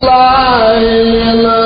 Allah'ın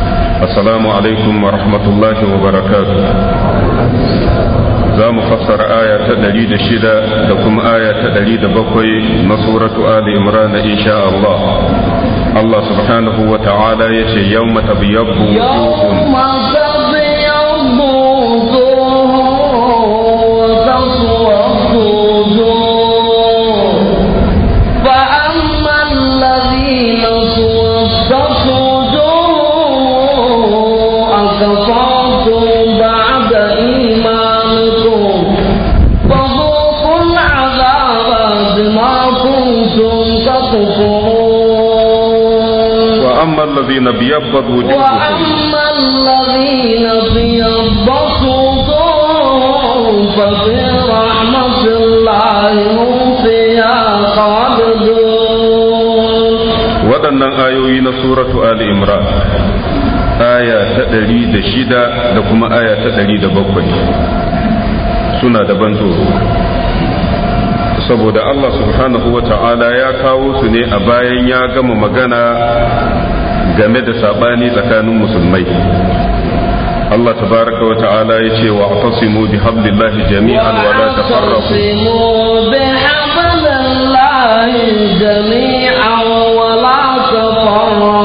السلام عليكم ورحمة الله وبركاته za mu fassara aya ta ɗari da shida da kuma aya ta ɗari da bakwai na suratu Ali Imran insha Allah. Allah subhanahu wa ta'ala ya ce yau mata biyabbu الذين ابيضت وجوههم وأما الذين ابيضت وجوههم الله waɗannan ayoyi na suratu Ali Imran aya ta ɗari da shida da kuma aya ta ɗari da bakwai suna da ban tsoro saboda Allah subhanahu wa ta'ala ya kawo su ne a bayan ya gama magana game da sabani tsakanin musulmai Allah tabaraka wa ta'ala ya ce wa atasimu bi hablillahi jami'an wa la tafarraqu jami'an wa la tafarraqu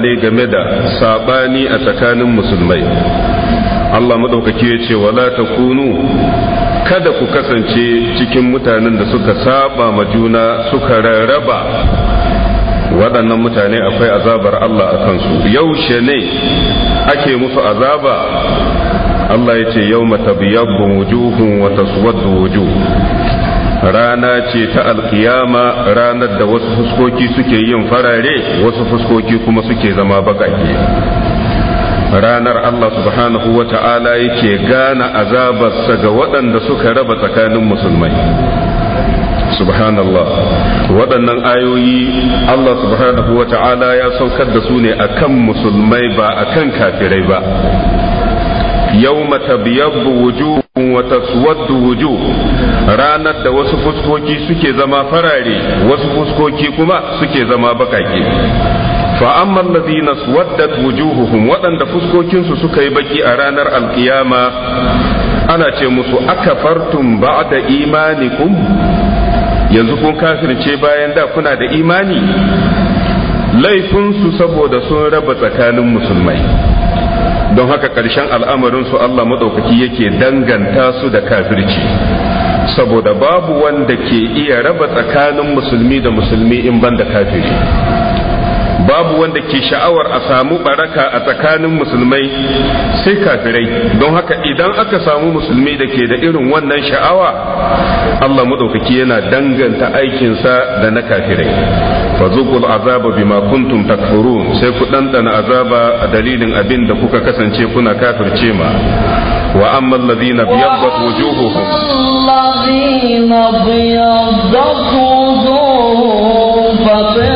ne game da sabani a tsakanin musulmai Allah madaukaki ya ce wala takunu kada ku kasance cikin mutanen da suka saba ma juna suka rarraba waɗannan mutane akwai azabar Allah a kansu yaushe ne ake musu azaba Allah ya ce yau mata wujuhun wata suwaddu wujuh rana ce ta alkiyama ranar da wasu fuskoki suke yin farare wasu fuskoki kuma suke zama bagage ranar Allah subhanahu wa ta'ala yake gana azabarsa ga waɗanda suka raba tsakanin musulmai subhanallah waɗannan ayoyi Allah subhanahu wa ta'ala ya saukar da su ne akan musulmai ba akan kafirai ba yau matabiyar wujuhu وتسود wuju ranar da wasu fuskoki suke zama farare wasu fuskoki kuma suke zama bakake fa amma alladhina suwaddat wujuhuhum waɗanda fuskokinsu suka yi baki a ranar alkiyama ana ce musu akafartum ba'da imanikum yanzu kun kafirce bayan da kuna da imani laifinsu saboda sun raba tsakanin musulmai don haka ƙarshen al'amarin su Allah maɗaukaki yake danganta su da kafirci saboda babu wanda ke iya raba tsakanin musulmi da musulmi in ban da kafiri babu wanda ke sha'awar a samu baraka a tsakanin musulmai sai kafirai don haka idan aka samu musulmi da ke da irin wannan sha'awa Allah maɗaukaki yana danganta aikinsa da na kafirai fazuqul azaba bima kuntum takfurun sai ku dandana azaba a dalilin abin da kuka kasance kuna kafirce ma wa amma alladhina biyaddat wujuhuhum alladhina biyaddat wujuhuhum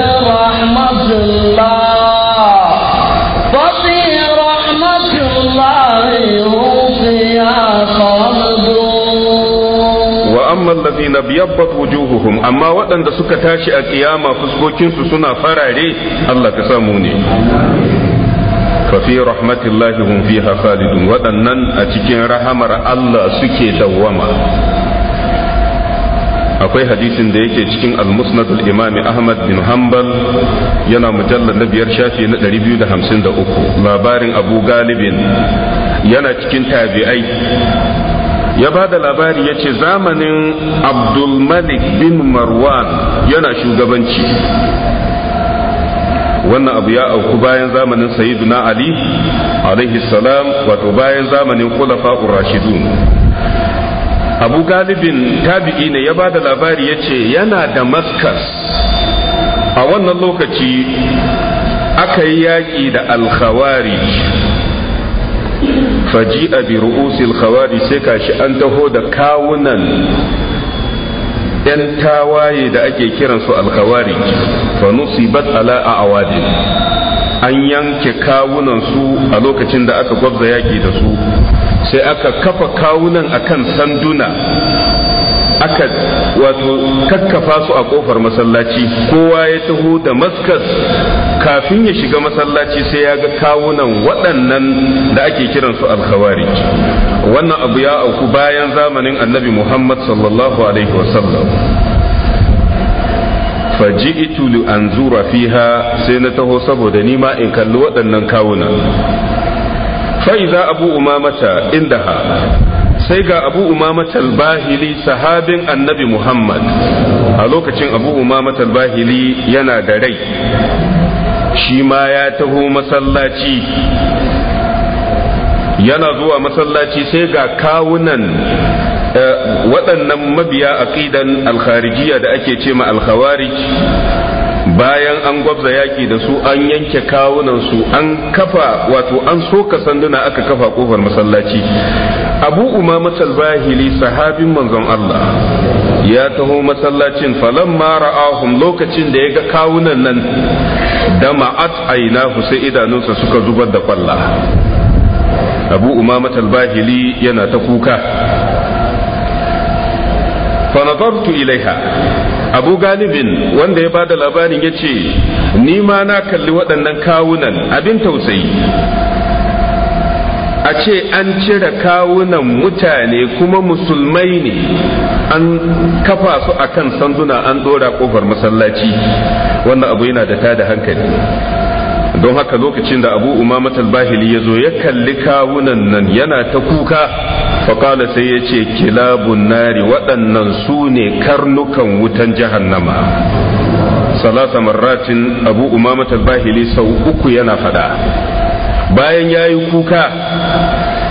allazina biyabbat wujuhuhum amma waɗanda suka tashi a kiyama fuskokinsu suna farare Allah ka samu ne fafi rahmatillahi hum fiha khalidun waɗannan a cikin rahamar Allah suke dawwama akwai hadisin da yake cikin al-musnad al ahmad bin hanbal yana mujallar na biyar shafi na 253 labarin abu galibin yana cikin tabi'ai ya ba da labari ya ce zamanin abdulmalik bin marwan yana shugabanci wannan abu ya auku bayan zamanin sayyiduna ali alaihi salam wato bayan zamanin Kulafa Rashidu. abu galibin tabi'i ne ya ba da labari ya ce yana damaskas a wannan lokaci aka yi yaƙi da alkhawari faji a bi ru'usil khawari sai kashi an taho da kawunan yan tawaye da ake kiransu alkawari fa nusibat ala awadin an yanke kawunan su a lokacin da aka gwabza yaki da su sai aka kafa kawunan akan sanduna aka wato kakkafa su a kofar masallaci kowa ya taho da maskas kafin ya shiga masallaci sai ya ga kawunan waɗannan da ake kiransu alkhawari wannan abu ya auku bayan zamanin annabi muhammad sallallahu alaihi wasallam faji'itu li anzura fiha sai na taho saboda nima in kalli waɗannan kawunan fa'iza abu umamata indaha sai ga abu umama talbahili sahabin annabi muhammad a lokacin abu umama talbahili yana da rai shi ma ya taho masallaci yana zuwa masallaci sai ga kawunan eh, waɗannan mabiya aqidan alkharijiya da ake ce ma alkhawarij bayan an gwabza yaki da su an yanke kawunan su an kafa wato an soka sanduna aka kafa kofar masallaci abu umama talbahili sahabin manzon Allah ya taho masallacin mara ra'ahum lokacin da ya ga kawunan nan ma'at ainahu sai idanunsa suka zubar da kwalla abu umama talbahili yana ta kuka fa nazartu ilaiha abu galibin wanda ya bada labarin ya ce ni ma na kalli waɗannan kawunan abin tausayi a ce an cire kawunan mutane kuma musulmai ne an kafa su akan sanduna an ɗora ƙofar masallaci wannan abu yana da tada hankali don haka lokacin da abu umama talbahili ya zo ya kalli kawunan nan yana ta kuka faƙala sai ya ce kilabun nari waɗannan su ne karnukan wutan jahannama salasa marratin abu umama talbahili sau uku yana faɗa bayan ya yi kuka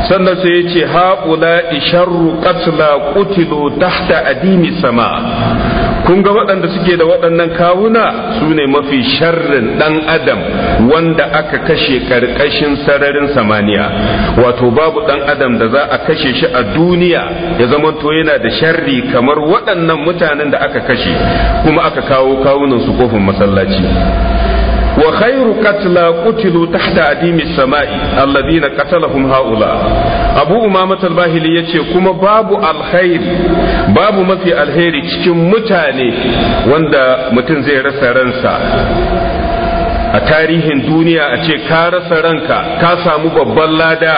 sannan sai ya ce haƙula isharru qatla qutilu tahta adimi sama kun ga waɗanda suke da waɗannan kawuna su ne mafi sharrin ɗan adam wanda aka kashe ƙarƙashin sararin samaniya wato babu ɗan adam da za a kashe shi a duniya ya to yana da sharri kamar waɗannan mutanen da aka kashe kuma aka kawo kawunan su kofin masallaci wa khairu qatla qutilu tahta adimi samai alladhina qatalahum haula abu umama al yace kuma babu alkhairi babu mafi alheri cikin mutane wanda mutum zai rasa ransa a tarihin duniya a ce ka rasa ranka ka samu babban lada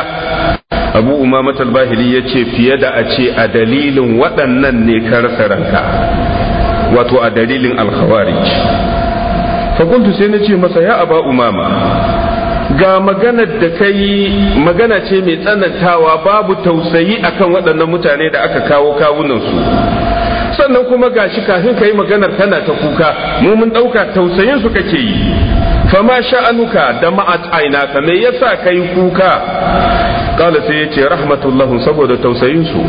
abu umama talbahili ya fiye da a ce a dalilin waɗannan ne ka rasa ranka wato a dalilin alkhawarij faƙuntu sai na ce masa ya aba umama ga maganar da ka magana ce mai tsanantawa babu tausayi akan waɗannan mutane da aka kawo kawunan su, sannan kuma ga shi kafin ka yi maganar kana ta kuka mu mun tausayin su kake yi fama sha'anuka da ma'at ka me yasa ka yi kuka kala sai ya ce rahmatullahun saboda su.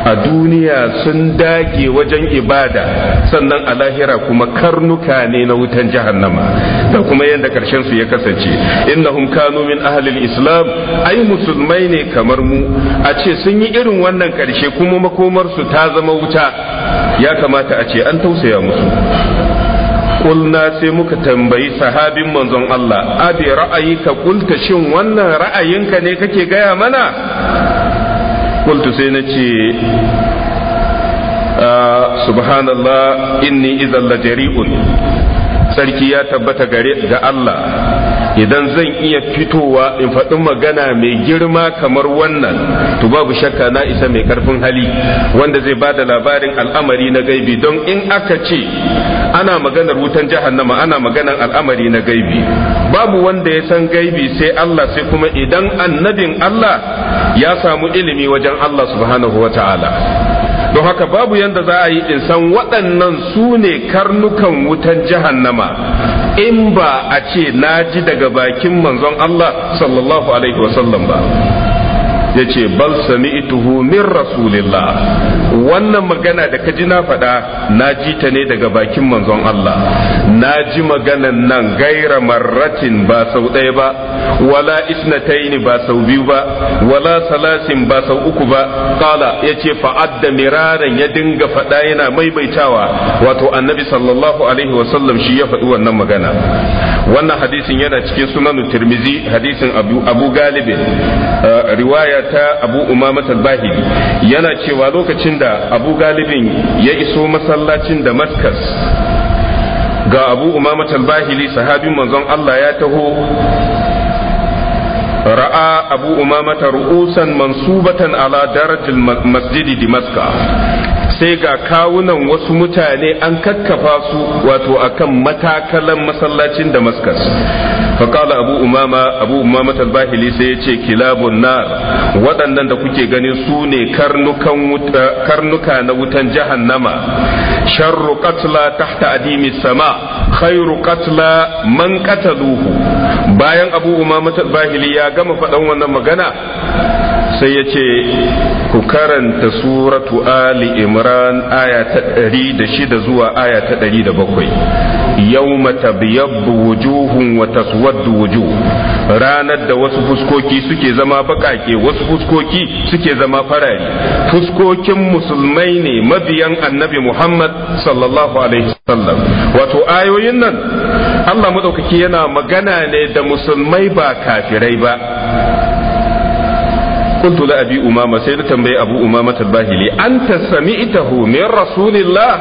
a duniya sun dage wajen ibada sannan a lahira kuma karnuka ne na wutan jahannama da kuma yadda karshen su ya kasance innahum kanu min ahlil islam ai musulmai ne kamar mu a ce sun yi irin wannan karshe kuma makomar su ta zama wuta ya kamata a ce an tausaya musu kulna sai muka tambayi sahabin manzon Allah abi ra'ayika kulta shin wannan ra'ayinka ne kake gaya mana kultu sai na ce subhanallah inni idan lajari'un sarki ya tabbata gare ga Allah idan zan iya fitowa in faɗi magana mai girma kamar wannan to babu shakka na isa mai karfin hali wanda zai bada labarin al'amari na gaibi don in aka ce ana maganar wutan jahannama ana maganar al'amari na gaibi babu wanda ya san gaibi sai Allah sai kuma idan annabin Allah ya samu ilimi wajen Allah subhanahu wa ta'ala don haka babu yanda za a yi in san waɗannan su ne karnukan wutan jahannama in ba a ce na ji daga bakin manzon Allah sallallahu alaihi wasallam ba ya ce bal sami'tuhu min rasulillah wannan magana da kaji na faɗa na ji ta ne daga bakin manzon Allah na ji maganan nan gaira marratin ba sau ɗaya ba wala isnataini ba sau biyu ba wala salasin ba sau uku ba kala ya ce fa'adda miraran ya dinga faɗa yana maimaitawa wato annabi sallallahu alaihi wasallam shi ya faɗi wannan magana wannan hadisin yana cikin sunan tirmizi hadisin abu, galibin eh, riwaya ta abu umama al-bahili yana cewa lokacin da abu galibin ya iso masallacin damascus ga abu umama al-bahili sahabin manzon allah ya taho ra'a abu umama ru'usan mansubatan ala darajar masjidi dimaska sai ga kawunan wasu mutane an kakkafa su wato akan matakalan masallacin damaskas faƙala abu umama abu umama talbahili sai ya ce kilabun nar waɗannan da kuke gani su ne karnuka na wutan jahannama sharru katla tahta adimi sama khairu katla man kataluhu bayan abu umama talbahili ya gama faɗan wannan magana sai ya ce ku karanta suratu ali imran aya ta ɗari da shida zuwa aya ta ɗari da bakwai yau yawma tabyabbu wujuhun wa taswaddu wujuh ranar da wasu fuskoki suke zama bakake wasu fuskoki suke zama farari fuskokin musulmai ne mabiyan annabi muhammad sallallahu alaihi wasallam wato ayoyin nan allah madaukaki yana magana ne da musulmai ba kafirai ba kuntu la abi umama sai na tambayi abu umama tabahili anta sami'tahu min rasulillah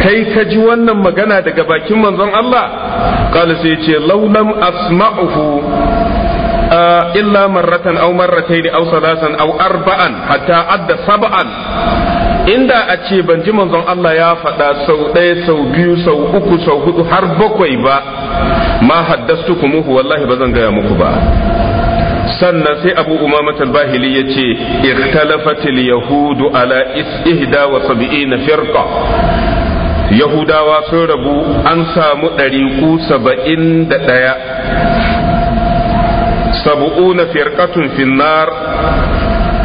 kai ka ji wannan magana daga bakin manzon Allah qala sai ce laulam asma'uhu illa marratan aw marratayn aw salasan aw arba'an hatta adda sab'an inda a ce ban ji manzon Allah ya faɗa sau ɗaya sau biyu sau uku sau hudu har bakwai ba ma haddastu kumuhu wallahi ba zan gaya muku ba sannan sai abu umamat al-bahili ya ce ikhtalafatil yahudu ala ihda wa na firqa yahudawa sun rabu an samu ɗariƙu saba'in da ɗaya na firkatun finnar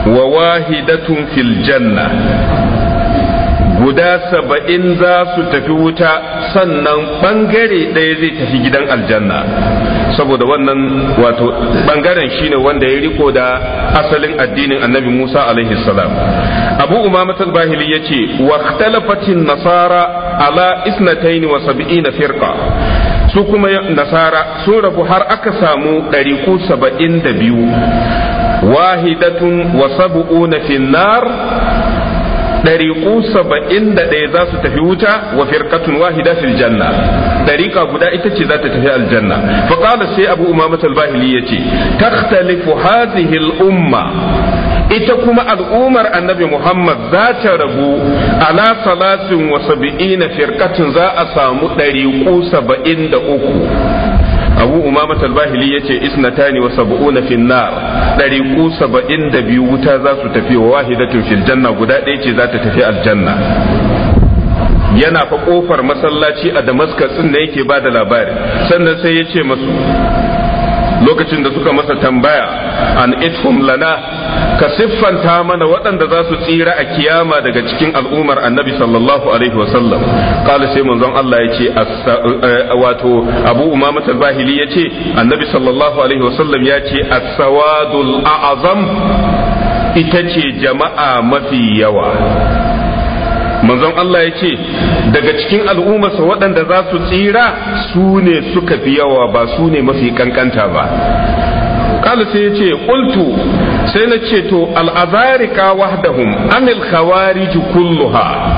wa wahidatun filjanna. guda saba'in za su tafi wuta sannan ɓangare ɗaya zai tafi gidan aljanna saboda wannan wato ɓangaren shine wanda ya riko da asalin addinin annabi musa alaihi salam abu umama talbahili ya ce wa nasara ala isnataini wa Saba'ina Firka su kuma nasara sun rabu har aka samu ɗariku saba'in da biyu wahidatun wa sab'una finnar ɗariƙu saba'in da ɗaya za su tafi wuta wa firkatun wahida fil janna ɗariƙa guda ita ce za ta tafi aljanna fa qala sai abu umama al ya ce. takhtalifu hadhihi al-umma ita kuma al'ummar annabi Muhammad za ta rabu ala salatin wa saba'ina firkatun za a samu ɗariƙu saba'in da uku abu umama talbahili ya ce isnatani wa sab'una fin nar ɗariƙu saba'in da biyu wuta za su tafi wa wahidatun fil janna guda ɗaya ce za ta tafi aljanna yana fa kofar masallaci a damaskas din da yake ba da labari sannan sai ya ce masu lokacin da suka masa tambaya an ithum lana ka siffanta mana waɗanda za su tsira a kiyama daga cikin al'ummar annabi sallallahu alaihi sallam kala sai manzon Allah ya ce eh, wato abu umama bahili ya ce annabi sallallahu alaihi wasallam ya ce as-sawadul ita ce jama'a mafi yawa manzon Allah ya ce daga cikin al'ummarsa waɗanda za su tsira su ne suka fi yawa ba su ne mafi kankanta ba kala sai ya ce ƙultu sai na ce to al'azarika wahdahum amil khawarij kulluha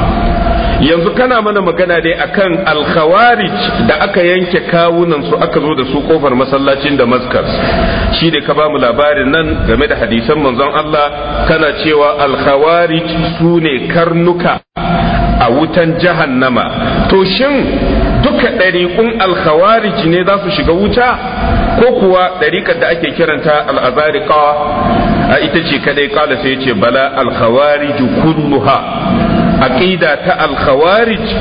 yanzu kana mana magana dai akan alkhawarij da aka yanke kawunan su aka zo da su kofar masallacin damascus shi ne ka ba mu labarin nan game da hadisan manzon Allah kana cewa alkhawarij su ne karnuka a wutan jahannama to shin duka ɗariƙun alkhawarij ne za su shiga wuta ko kuwa ɗariƙar da ake kiranta al'azariƙa a ita ce kadai kala sai ce bala alkhawarij kulluha aqida ta al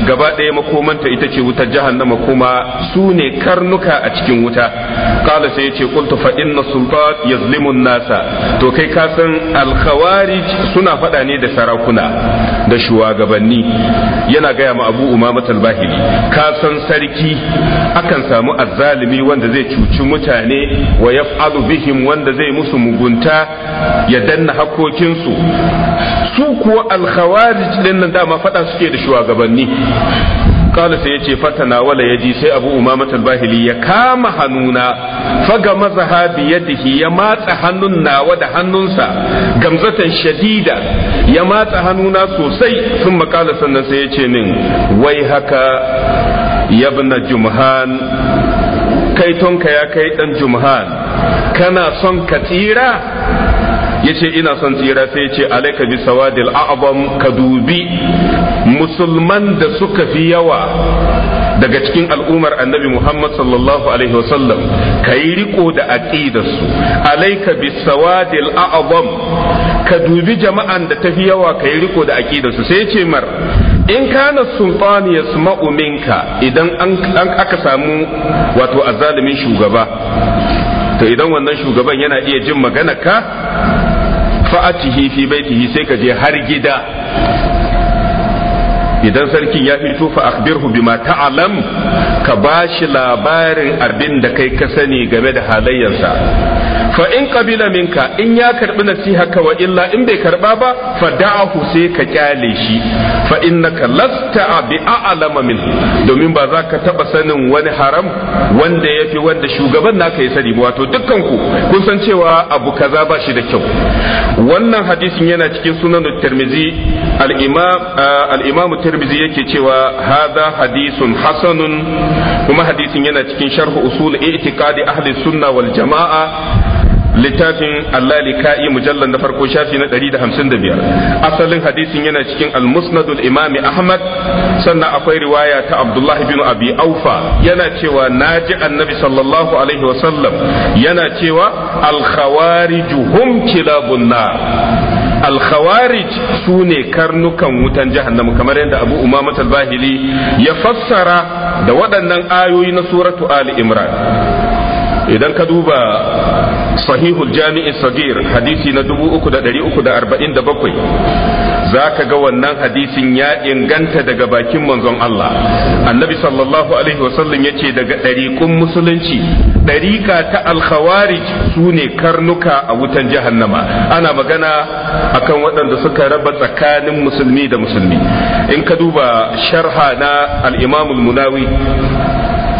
gaba ɗaya makomanta ita ce wutar jahannama kuma su ne karnuka a cikin wuta kala sai yace qultu fa inna sultan yazlimu nasa to kai ka san al suna faɗa ne da sarakuna da shugabanni yana gaya ma Abu Umama talbahili ka san sarki akan samu azzalimi wanda zai cuci mutane wa yaf'alu bihim wanda zai musu mugunta ya danna hakokinsu su kuwa alkhawarij din nan dama fada suke da shugabanni kala sai yace fatana wala yaji sai abu umama bahili ya kama hannuna faga mazaha bi yadihi ya matsa hannun nawa da hannunsa gamzatan shadida ya matsa hannuna sosai sun makala sannan sai yace min wai haka yabna jumhan kai tonka ya kai dan jumhan kana son ka tsira yace ina son tsira sai yace alaika bi sawadil a'zam ka dubi musulman da suka fi yawa daga cikin al'ummar annabi Muhammad sallallahu alaihi wasallam kayi riko da aqidarsu alaika bi sawadil a'zam ka dubi jama'an da tafi yawa kayi riko da aqidarsu sai yace mar in kana sultani yasma'u minka idan an aka samu wato azalimin shugaba to idan wannan shugaban yana iya jin ka fa'atihi fi baitihi sai ka je har gida idan sarkin ya fito fa akhbirhu bima ta'lam ka bashi labarin abin da kai ka sani game da halayyarsa fa in qabila minka in ya karbi nasihaka wa illa in bai karba ba fa da'ahu sai ka kyale shi fa innaka lasta bi a'lama min domin ba za ka taba sanin wani haram wanda yafi wanda shugaban naka ya sani wato dukkan ku kun san cewa abu kaza ba shi da kyau wannan hadisin yana cikin sunan tirmizi al-imam ah, al-imam tirmizi yake cewa hadha hadisun hasanun kuma hadisin yana cikin sharh usul i'tiqadi ahli sunna wal jama'a littafin Allah lika'i mujallar na farko shafi na 155 asalin hadisin yana cikin almusnadul imami ahmad sannan akwai riwaya ta abdullahi bin abi aufa yana cewa naji annabi sallallahu alaihi wasallam yana cewa alkhawariju khawariju hum kilabun nar alkhawarij su ne karnukan wutan jahannam kamar yadda abu umama bahiri ya fassara da waɗannan ayoyi na suratu ali imran idan ka duba sahihul jami'i sagir hadisi na 3347 za ka ga wannan hadisin ya inganta daga bakin manzon Allah annabi sallallahu alaihi wasallam ya ce daga ɗariƙun musulunci ɗariƙa ta alkhawarij su ne karnuka a wutan jahannama ana magana akan waɗanda suka raba tsakanin musulmi da musulmi in ka duba sharha na al-imamul munawi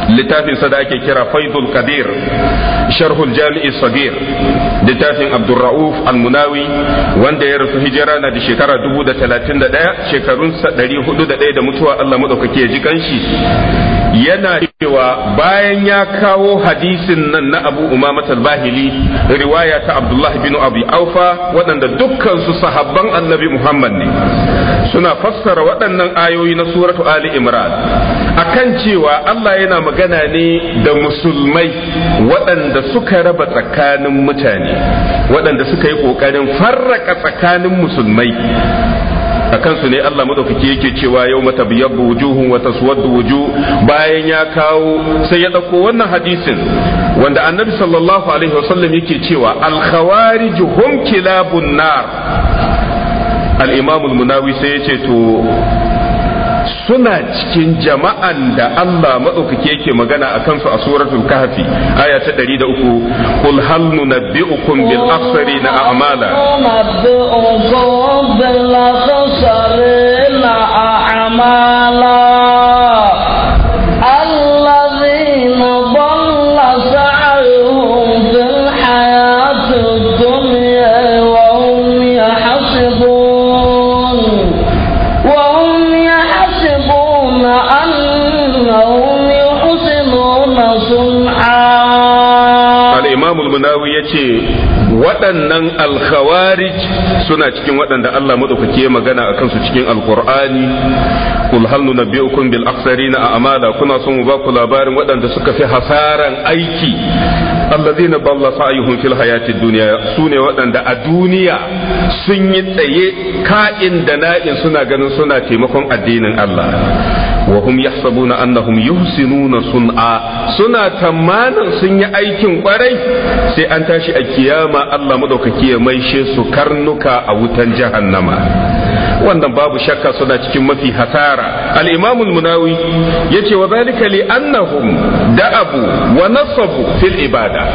littafin sa da ake kira faidul kadir sharhul jami'i sagir littafin abdurrauf munawi wanda ya rasu hijira na da shekara 1031 shekarunsa 401 da mutuwa Allah madaukake ya ji kanshi yana cewa bayan ya kawo hadisin nan na abu umamat al-bahili riwaya ta abdullahi bin abu aufa waɗanda dukkan su sahabban annabi muhammad ne suna fassara waɗannan ayoyi na suratu ali imran akan cewa allah yana magana ne da musulmai waɗanda suka raba tsakanin mutane waɗanda suka yi ƙoƙarin farraka tsakanin musulmai a kansu ne Allah madaukaki yake cewa yau mata biyabbu wujuhun wata taswaddu wuju bayan ya kawo sai ya ɗauko wannan hadisin wanda annabi sallallahu alaihi wasallam yake cewa al hum kilabun nar al imam al munawi sai yace to suna cikin jama'an da Allah maɗaukaki yake magana a kansu a suratul kahfi aya ta 103 kul hal nunabbi'ukum bil na a'mala al ya yace waɗannan alkhawarij suna cikin waɗanda Allah madaukake ya magana a kansu cikin al hannu na hal nunabbiukum bil aksarina a'mala kuna son mu ba ku labarin waɗanda suka fi hasaran aiki alladhina balla sa'yuhum fil hayati su ne waɗanda a duniya sun yi tsaye ka'in da na'in suna ganin suna taimakon addinin Allah wa hum yahsabuna annahum yuhsinuna sun'a suna tsammanin sun yi aikin kwarai sai an tashi a kiyama Allah madaukaki ya maishe su karnuka a wutan jahannama wannan babu shakka suna cikin mafi hasara al-imam al-munawi yace wa zalika li annahum da'abu wa nasabu fil ibada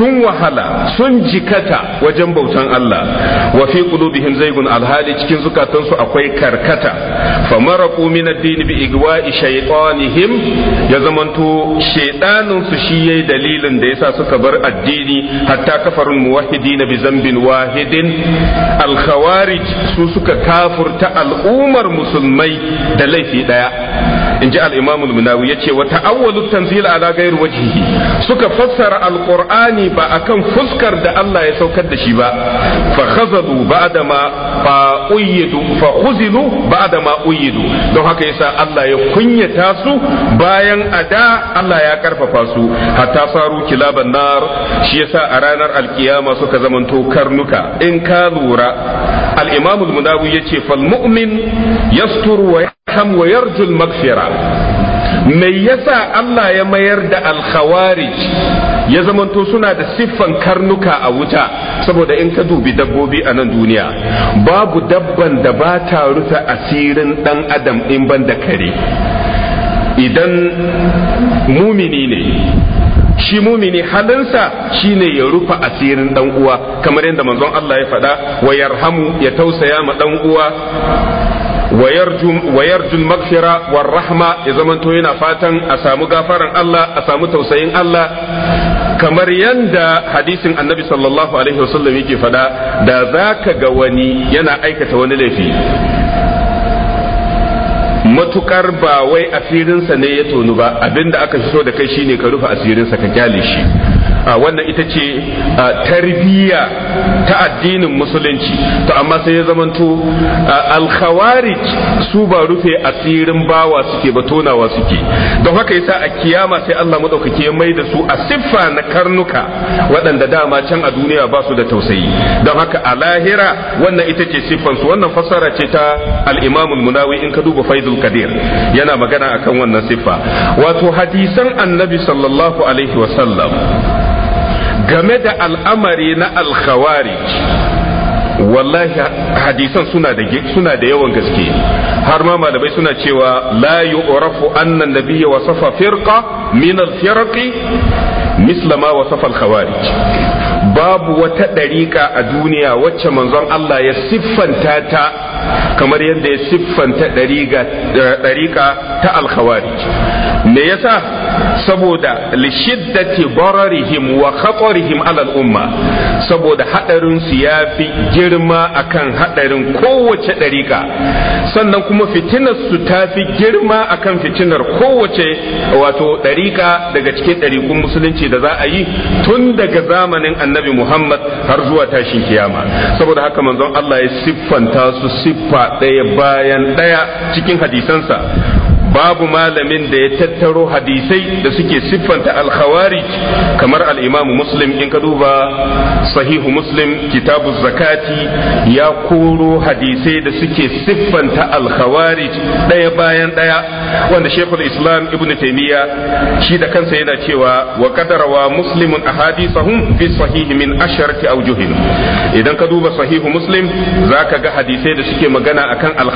sun wahala sun jikata wajen bautan Allah wa fi qulubihim zaygun alhali cikin zukatansu akwai karkata famaraku min ad-din bi igwa'i shaytanihim ya zamanto shaydanin su shi yayi dalilin da yasa suka bar addini hatta kafarul muwahhidin bi zambin wahidin al-khawarij su suka kafa kafurta al'ummar musulmai da laifi daya in ji al'imamu ya ce wata awwalu tanzil ala gair wajihi suka fassara alqur'ani ba akan fuskar da Allah ya saukar da shi ba fa khazalu ba'da ma fa uyidu fa khuzilu ba'da ma uyidu don haka yasa Allah ya kunyata su bayan ada Allah ya karfafa su hatta saru kilaban nar shi yasa a ranar alkiyama suka zamanto karnuka in ka lura al-imam al-munawi yace fal mu'min wa yarham wa yarju me yasa Allah ya mayar da al ya zamanto suna da siffan karnuka a wuta saboda in ka dubi dabbobi a nan duniya babu dabban da ba ta rufe asirin dan adam in ban da kare idan mumini ne shi mumini halinsa shine ya rufa asirin dan uwa kamar yadda manzon Allah ya faɗa wa yarhamu ya tausaya ma dan uwa wa yarjul magfira war rahma ya zamanto yana fatan a samu gafaran Allah a samu tausayin Allah kamar yanda hadisin annabi sallallahu alaihi wasallam yake faɗa da zaka ga wani yana aikata wani laifi matukar ba wai asirinsa ne ya tonu ba abinda aka fi so da kai shine ka rufe asirinsa ka kyale shi wannan ita ce tarbiyya ta addinin musulunci to amma sai ya zamanto alkhawarij su ba rufe asirin bawa suke ba tonawa suke don haka yasa a kiyama sai Allah madaukake ya mai da su a siffa na karnuka waɗanda dama can a duniya ba su da tausayi don haka a lahira wannan ita ce siffan su wannan fassara ce ta al-Imam munawi in ka duba Faizul Kadir yana magana akan wannan siffa wato hadisan Annabi sallallahu alaihi sallam. game da al'amari na alkhawari, wallahi hadisan suna da suna da yawan gaske har ma malamai suna cewa la yu'rafu anna nabiyya wasafa firqa min al-firqi misla ma wasafa al-khawarij babu wata dariƙa a duniya wacce manzon Allah ya siffanta ta kamar yadda ya siffanta dariƙa ta al-khawarij me yasa saboda lishiddati bararihim wa khatarihim alal umma saboda hadarin su fi girma akan hadarin kowace dariƙa sannan kuma fitinar su ta fi girma akan fitinar kowace wato dariƙa daga cikin ɗariƙun musulunci da za a yi tun daga zamanin annabi Muhammad har zuwa tashin kiyama saboda haka manzon Allah ya siffanta su siffa ɗaya bayan ɗaya cikin hadisansa babu malamin da ya tattaro hadisai da suke siffanta al kamar al muslim in ka duba sahihu muslim kitabu zakati ya koro hadisai da suke siffanta al ɗaya bayan ɗaya wanda shekul islam ibn taymiya shi da kansa yana cewa wa qadarawa muslimun ahadithahum fi sahihi min asharati awjuhin idan ka duba sahihu muslim zaka ga hadisai da suke magana akan al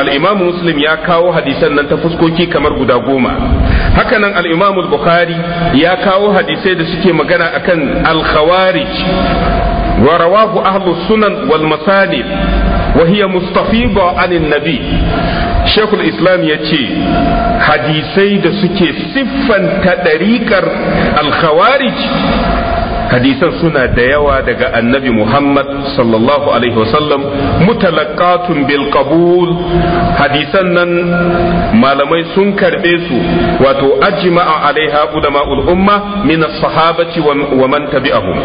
al'imamu muslim ya kawo hadisan nan ta fuskoki kamar guda goma hakanan al'imamul bukhari ya kawo hadisai da suke magana akan al-khawarij rawahu ahlus sunan wal masalib wa hiya mustafiba anin nabi shekul islam ya ce hadisai da suke siffanta ɗariƙar al hadisan suna da yawa daga annabi Muhammad sallallahu alaihi wasallam mutalaqatun bil hadisan nan malamai sun karbe su wato ajma'a alaiha ulama'ul umma min as-sahabati wa man tabi'ahum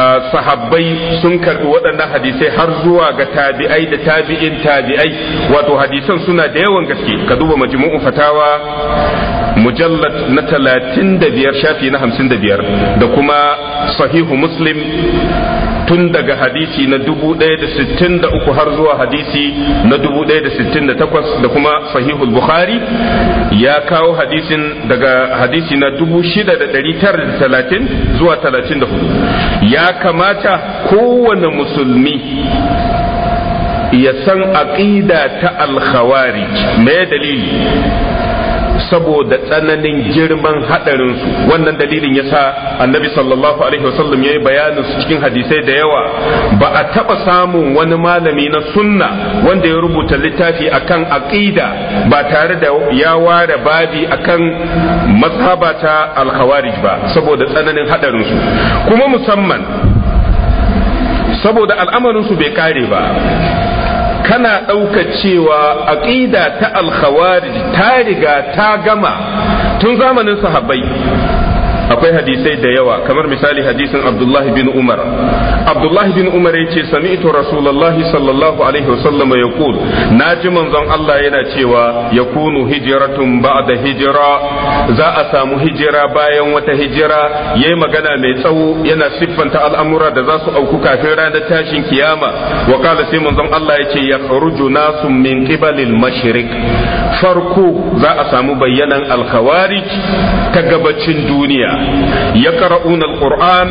ah, sahabbai sun karbi waɗannan hadisai har zuwa ga tabi'ai da tabi'in tabi'ai wato hadisan suna da yawan gaske ka duba majmu'u fatawa mujallad na talatin da biyar shafi na hamsin da biyar da kuma sahihu muslim tun daga hadisi na dubu ɗaya da sittin da uku har zuwa hadisi na dubu ɗaya da sittin da takwas da kuma sahihu bukhari ya kawo hadisin daga hadisi na dubu shida da ɗari tara da talatin zuwa talatin da hudu ya kamata kowane musulmi ya san aqida ta alkhawari me dalili saboda tsananin girman hadarin su wannan dalilin yasa annabi sallallahu alaihi wasallam yayi bayanin su cikin hadisai da yawa ba a taba samun wani malami na sunna wanda ya rubuta littafi akan aqida ba tare da ya ware babi akan mazhaba ta al-khawarij ba saboda tsananin hadarin su kuma musamman saboda al'amarin su bai kare ba kana ɗauka cewa aƙida ta alkhawari ta riga ta gama tun zamanin sahabbai akwai hadisai da yawa kamar misali hadisin abdullahi bin umar abdullahi bin umar yace sami'tu rasulullahi sallallahu alaihi wasallam na ji manzon Allah yana cewa ya yakunu hijratun ba'da hijira za a samu hijira bayan wata hijira yayi magana mai tsawo yana siffanta al'amura da za su auku kafin ranar tashin kiyama wa qala sai manzon Allah yace yakhruju nasu min qibalil mashriq farko za a samu bayyanan alkhawarij ta gabacin duniya ya yaqra'una alquran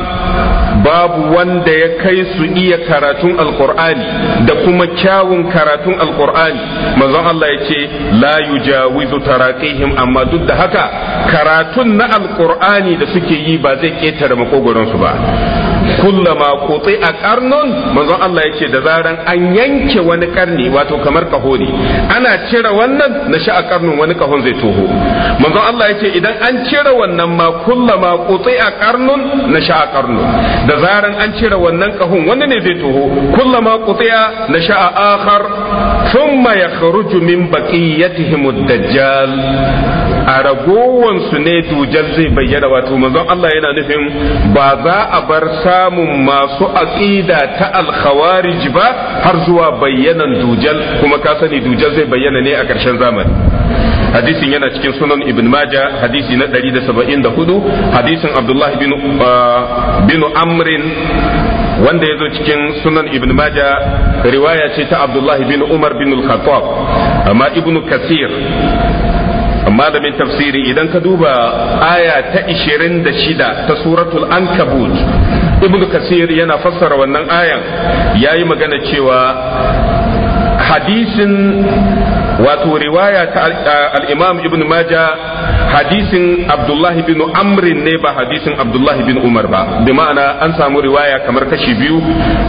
babu wanda ya kai su iya karatun alqur'ani da kuma kyawun karatun alqur'ani manzon Allah ya yace la yujawizu taraqihim amma duk da haka karatun na alqur'ani da suke yi ba zai ketare makogoron su ba kullama kuti a karnun manzon Allah yake da zaran an yanke wani karni wato kamar kaho ne ana cire wannan na sha a karnun wani kahon zai toho manzon Allah yake idan an cire wannan ma kullama kuti a karnun na sha a karnun da zaran an cire wannan kahon wani ne zai toho kullama kuti na sha a akhar thumma yakhruju min baqiyatihim ad-dajjal a ragowansu ne dujal zai bayyana wato manzon Allah yana nufin ba za a bar samun masu aqida ta alkhawarij ba har zuwa bayyanan dujal kuma ka sani dujal zai bayyana ne a ƙarshen zamani hadisin yana cikin sunan ibn maja hadisi na 174 hadisin abdullah bin uh, bin amrin wanda ya zo cikin sunan ibn maja riwaya ce ta abdullah bin umar bin al-khattab amma ibn kasir malamin tafsiri idan ka duba aya ta 26 ta suratul ankabut ibn kasir yana fassara wannan ayan yayi magana cewa hadisin wato riwaya ta al'imam imam ibn maja hadisin abdullahi bin amr ne ba hadisin abdullahi bin umar ba bi ma'ana an samu riwaya kamar kashi biyu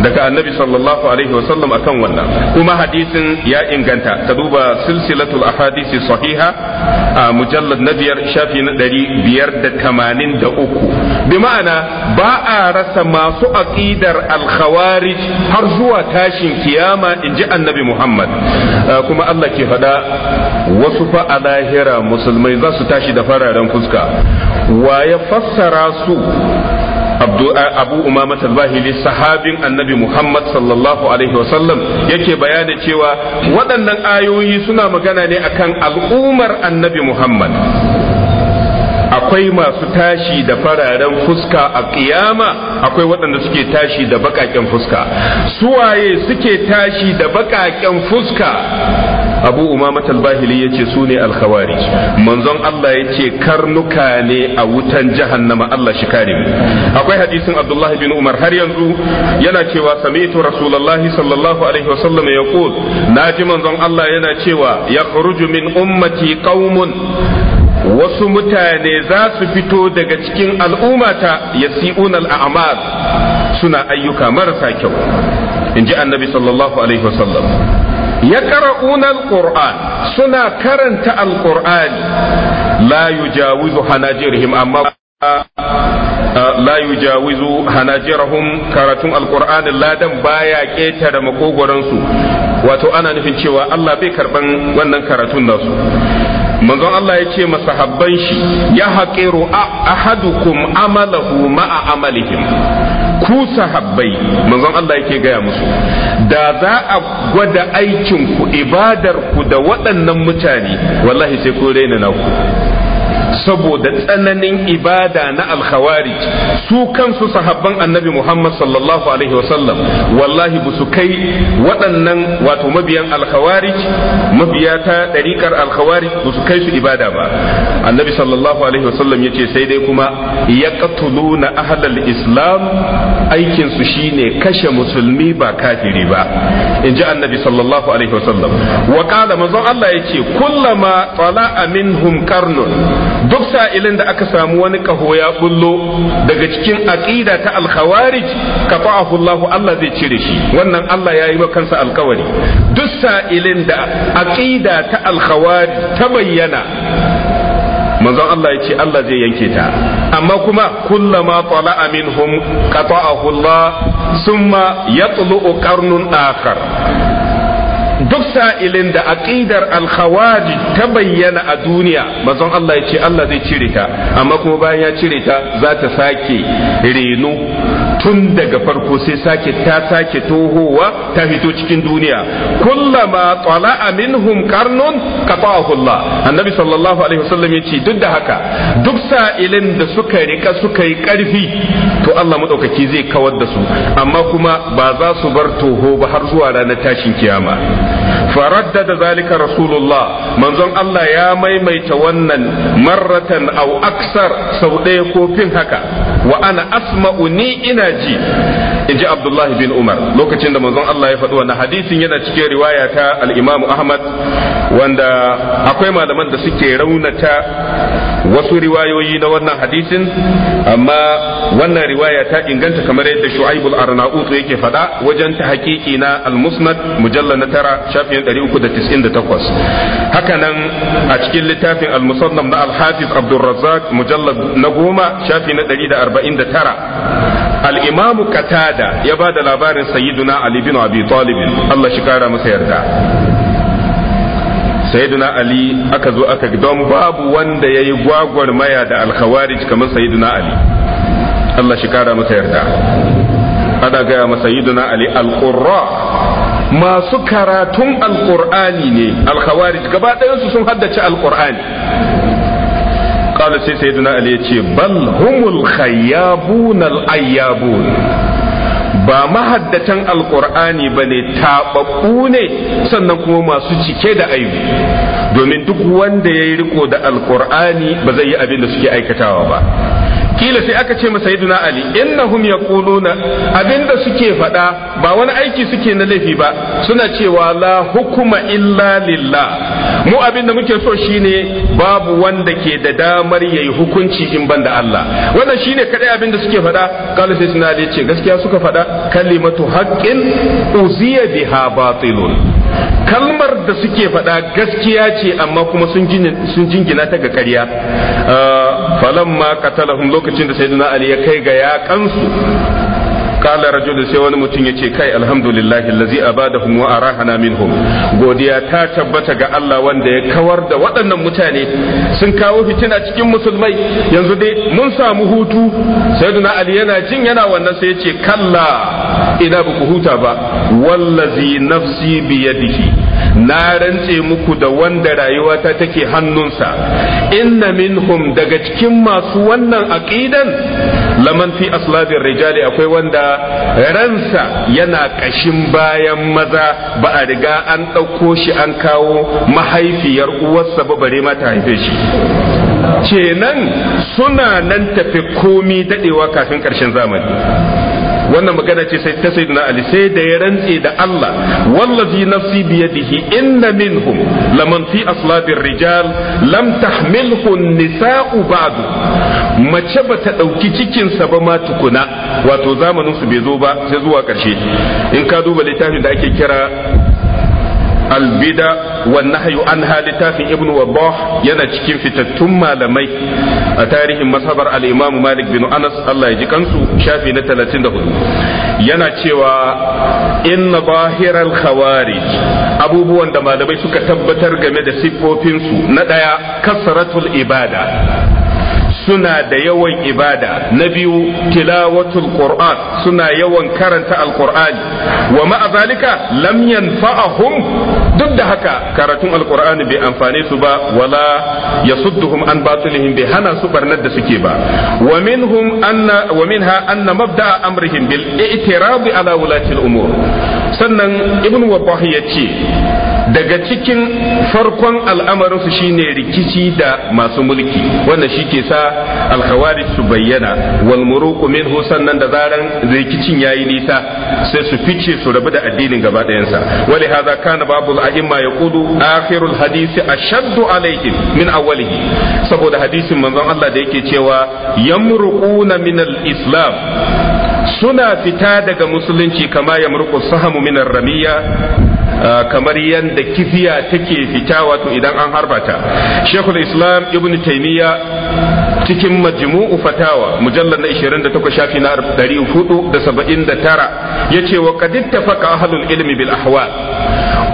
daga annabi sallallahu alaihi wa sallam kan wannan kuma hadisin ya inganta ta duba silsilatul ahadisi sahiha a mujallad na biyar shafi na ɗari biyar da tamanin da uku bi ma'ana ba a rasa masu aƙidar al har zuwa tashin kiyama in ji annabi muhammad kuma allah ke faɗa wasu fa a lahira musulmai za su tashi da fararen fuska wa ya fassara su abu umama talbahili sahabin annabi muhammad sallallahu alaihi wasallam yake bayani cewa waɗannan ayoyi suna magana ne akan al'ummar annabi muhammad akwai masu tashi da fararen fuska a kiyama akwai waɗanda suke tashi da baƙaƙen fuska suwaye suke tashi da baƙaƙen fuska abu umamat al-bahili yace su ne al-khawarij manzon Allah yace karnuka ne a wutan jahannama Allah shi kare mu akwai hadisin Abdullah bin Umar har yanzu yana cewa sami'tu Rasulullah sallallahu alaihi wasallam yaqul naji manzon Allah yana cewa yakhruju min ummati qaumun wasu mutane za su fito daga cikin al'ummata yasi'una a'mal suna ayyuka marasa kyau in ji annabi sallallahu alaihi wasallam ya ƙara'una qur'an suna karanta alƙur'ani la yujawizu hanajirhim amma la yujawizu karatun alƙur'ani ladan baya ƙetare makogoransu wato ana nufin cewa Allah bai karban wannan karatun nasu manzon Allah ya ce masahabban shi ya haƙiru ahadukum amalahu ma'a amalihim ku sahabbai manzon Allah yake gaya musu da za a gwada aikin ku ibadar ku da waɗannan mutane wallahi sai ku raina naku saboda tsananin ibada na alkhawarij su kansu sahabban annabi Muhammad sallallahu alaihi wasallam wallahi ba su kai waɗannan wato mabiyan alkhawari mabiya ta ɗariƙar alkhawari ba su kai su ibada ba annabi sallallahu alaihi wasallam ya ce sai dai kuma ya na ahlal islam aikin su shine kashe musulmi ba kafiri ba in annabi sallallahu alaihi wasallam wa qala manzon Allah yace kullama tala'a minhum qarnun duk sa'ilin da aka samu wani kaho ya bullo daga cikin aqida ta al-khawarij Allah Allah zai cire shi wannan Allah ya yi wa kansa alkawari duk sa'ilin da aqida ta al ta bayyana manzon Allah ya ce Allah zai yanke ta amma kuma kullama tala'a minhum qata'ahu Allah summa yatlu'u qarnun akhar duk sa'ilin da aqidar alkhawaji ta bayyana a duniya mazan Allah ya ce Allah zai cire ta amma kuma bayan ya cire ta za ta sake reno tun daga farko sai sake ta sake tohowa ta fito cikin duniya kullama a minhum karnun qata'ahu Allah annabi sallallahu alaihi wasallam ya ce duk da haka duk sa'ilin da suka rika suka yi karfi to Allah madaukaki zai kawar da su amma kuma ba za su bar toho ba har zuwa ranar tashin kiyama faraddada zalika rasulullah manzon Allah ya maimaita wannan marratan au aksar sau ɗaya ko fin haka wa ana asma'u ni ina ji inji ji abdullahi bin umar lokacin da manzon Allah ya faɗi wannan hadisin yana cikin riwaya ta al-imam ahmad wanda akwai malaman da suke raunata wasu riwayoyi na wannan hadisin amma wannan riwaya ta inganta kamar yadda shu'aibul arnaut yake faɗa wajen ta haƙiƙi na al-musnad mujalla na tara shafin 398 haka nan a cikin littafin al-musannam na al-hafiz mujallar na goma shafi na 149 al-imamu ya ba da labarin sayyiduna ali bin abi talib Allah shi kara masa yarda sayyiduna ali aka zo aka don babu wanda yayi gwagwarmaya da al-khawarij kamar sayyiduna ali Allah shi kara masa yarda ana gaya masa sayyiduna ali al-qurra masu karatun al-qur'ani ne al-khawarij gaba ɗayansu sun haddace al-qur'ani qala sai sayyidina ali ya ce bal humul khayyabun al ayyabun ba mahaddatan alqur'ani bane tababbu ne sannan kuma masu cike da aibu domin duk wanda yayi riko da alqur'ani ba zai yi abin da suke aikatawa ba kila sai aka ce masa yaduna ali innahum yaquluna abinda suke fada ba wani aiki suke na laifi ba suna cewa la hukuma illa lillah mu abinda muke so shine babu wanda ke da damar yayi hukunci in banda Allah wannan shine kadai abinda suke fada kala sai suna ce gaskiya suka faɗa kalimatu haqqin uziya biha batilun kalmar da suke faɗa gaskiya ce amma kuma sun jingina ta ga ƙarya ah, falamma qatalahum lokacin da sayyidina ali ya kai ga yaƙansu kala sai wani mutum ya ce kai alhamdulillahi allazi abadahum wa arahana minhum godiya ta tabbata ga Allah wanda ya kawar da waɗannan mutane sun kawo fitina cikin musulmai yanzu dai mun samu hutu sayyidina ali yana jin yana wannan sai yace kalla ina baku huta ba wallazi nafsi biyadihi na rantse muku da wanda rayuwata take hannunsa inna minhum daga cikin masu wannan aqidan laman fi aslabin rijali akwai wanda ransa yana kashin bayan maza ba a riga an ɗauko shi an kawo mahaifiyar uwarsa ba bare ma haife shi kenan suna nan tafi komi dadewa kafin ƙarshen zamani wannan magana ce sai ta sayyidina ali sai da ya rantse da Allah wallazi nafsi biyadihi inna minhum laman fi aslabir rijal lam tahmilhu nisa'u ba'du mace bata dauki cikin sa ba ma tukuna wato zamanin su bai zo ba sai zuwa karshe in ka duba littafin da ake kira albida wan nahyu anha littafin ibnu wabah yana cikin fitattun malamai a tarihin masabar al-imam malik bin anas Allah ya ji kansu shafi na 34 yana cewa inna al khawarij abubuwan da malamai suka tabbatar game da siffofinsu na daya kasratul ibada suna da yawan ibada na biyu tilawatul qur'an suna yawan karanta alqur'ani wa ma'a zalika lam yanfa'ahum duk da haka karatun alqur'ani bai amfane su ba wala yasudduhum an batilihim bai hana su barnar da suke ba wa minhum anna wa minha anna mabda'a amrihim bil i'tirab ala wulati umur sannan ibn wabah ya ce daga cikin farkon al'amarinsu shine rikici da masu mulki wanda shi ke sa alkhawari su bayyana wal muruqu minhu sannan da zaran rikicin yayi nisa sai su fice su rabu da addinin gaba ɗayansa wali hadha kana babu al'imma yaqulu akhirul hadisi ashaddu alaihim min awwalihi saboda hadisin manzon Allah da yake cewa yamruquna min al-islam suna fita daga musulunci kama ya murku sahamu minar ramiya kamar yadda kifiya take fita wato idan an harbata shekul islam ibn taimiyya cikin majmu'u fatawa mujallar na 28 shafi na 479 yace wa qad ittafaqa ahlul ilmi bil ahwal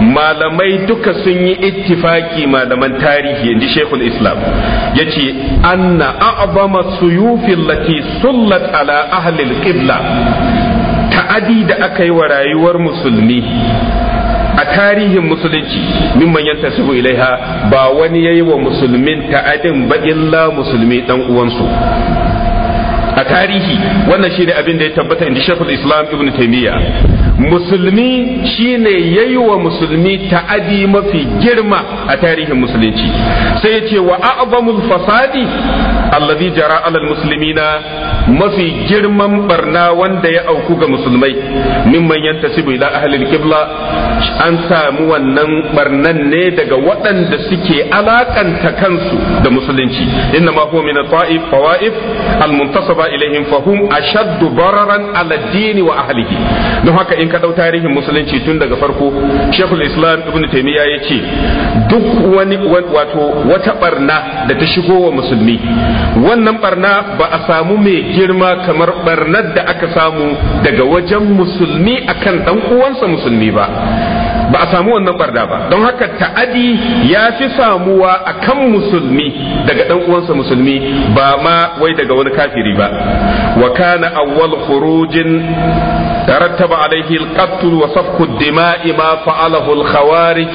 malamai duka sun yi ittifaki malaman tarihi yanzu shekul islam ya ce anna a'zama suyufin lati sullat ala ahlil qibla ta'adi da aka yi wa rayuwar musulmi a tarihin musulunci mimman yanta su ilaiha ba wani yayi wa musulmin ta'adin ba illa musulmi dan uwansu a tarihi wannan shine abin da ya tabbata inda shekul islam ibn taimiyya musulmi shine yi wa musulmi ta'adi mafi girma a tarihin musulunci sai ce wa a'zamul fasadi allazi jara alal na mafi girman barna wanda ya auku ga musulmai mimman yantasibu ila ahlil qibla an samu wannan barnan ne daga waɗanda suke alakanta kansu da musulunci inna ma huwa min ta'if fawaif al muntasaba nasaba fahum ashaddu bararan ala wa ahlihi don haka in ka dau tarihin musulunci tun daga farko shekul islam ibn taymiya ya ce duk wani wato wata barna da ta shigo wa musulmi wannan barna ba a samu mai girma kamar barnar da aka samu daga wajen musulmi akan dan uwansa musulmi ba ba a samu wannan barda ba don haka ta'adi ya fi samuwa a kan musulmi daga ɗan uwansa musulmi ba ma wai daga wani kafiri ba wa kana awwal khurujin ترتب عليه القتل وسفك الدماء ما فعله الخوارج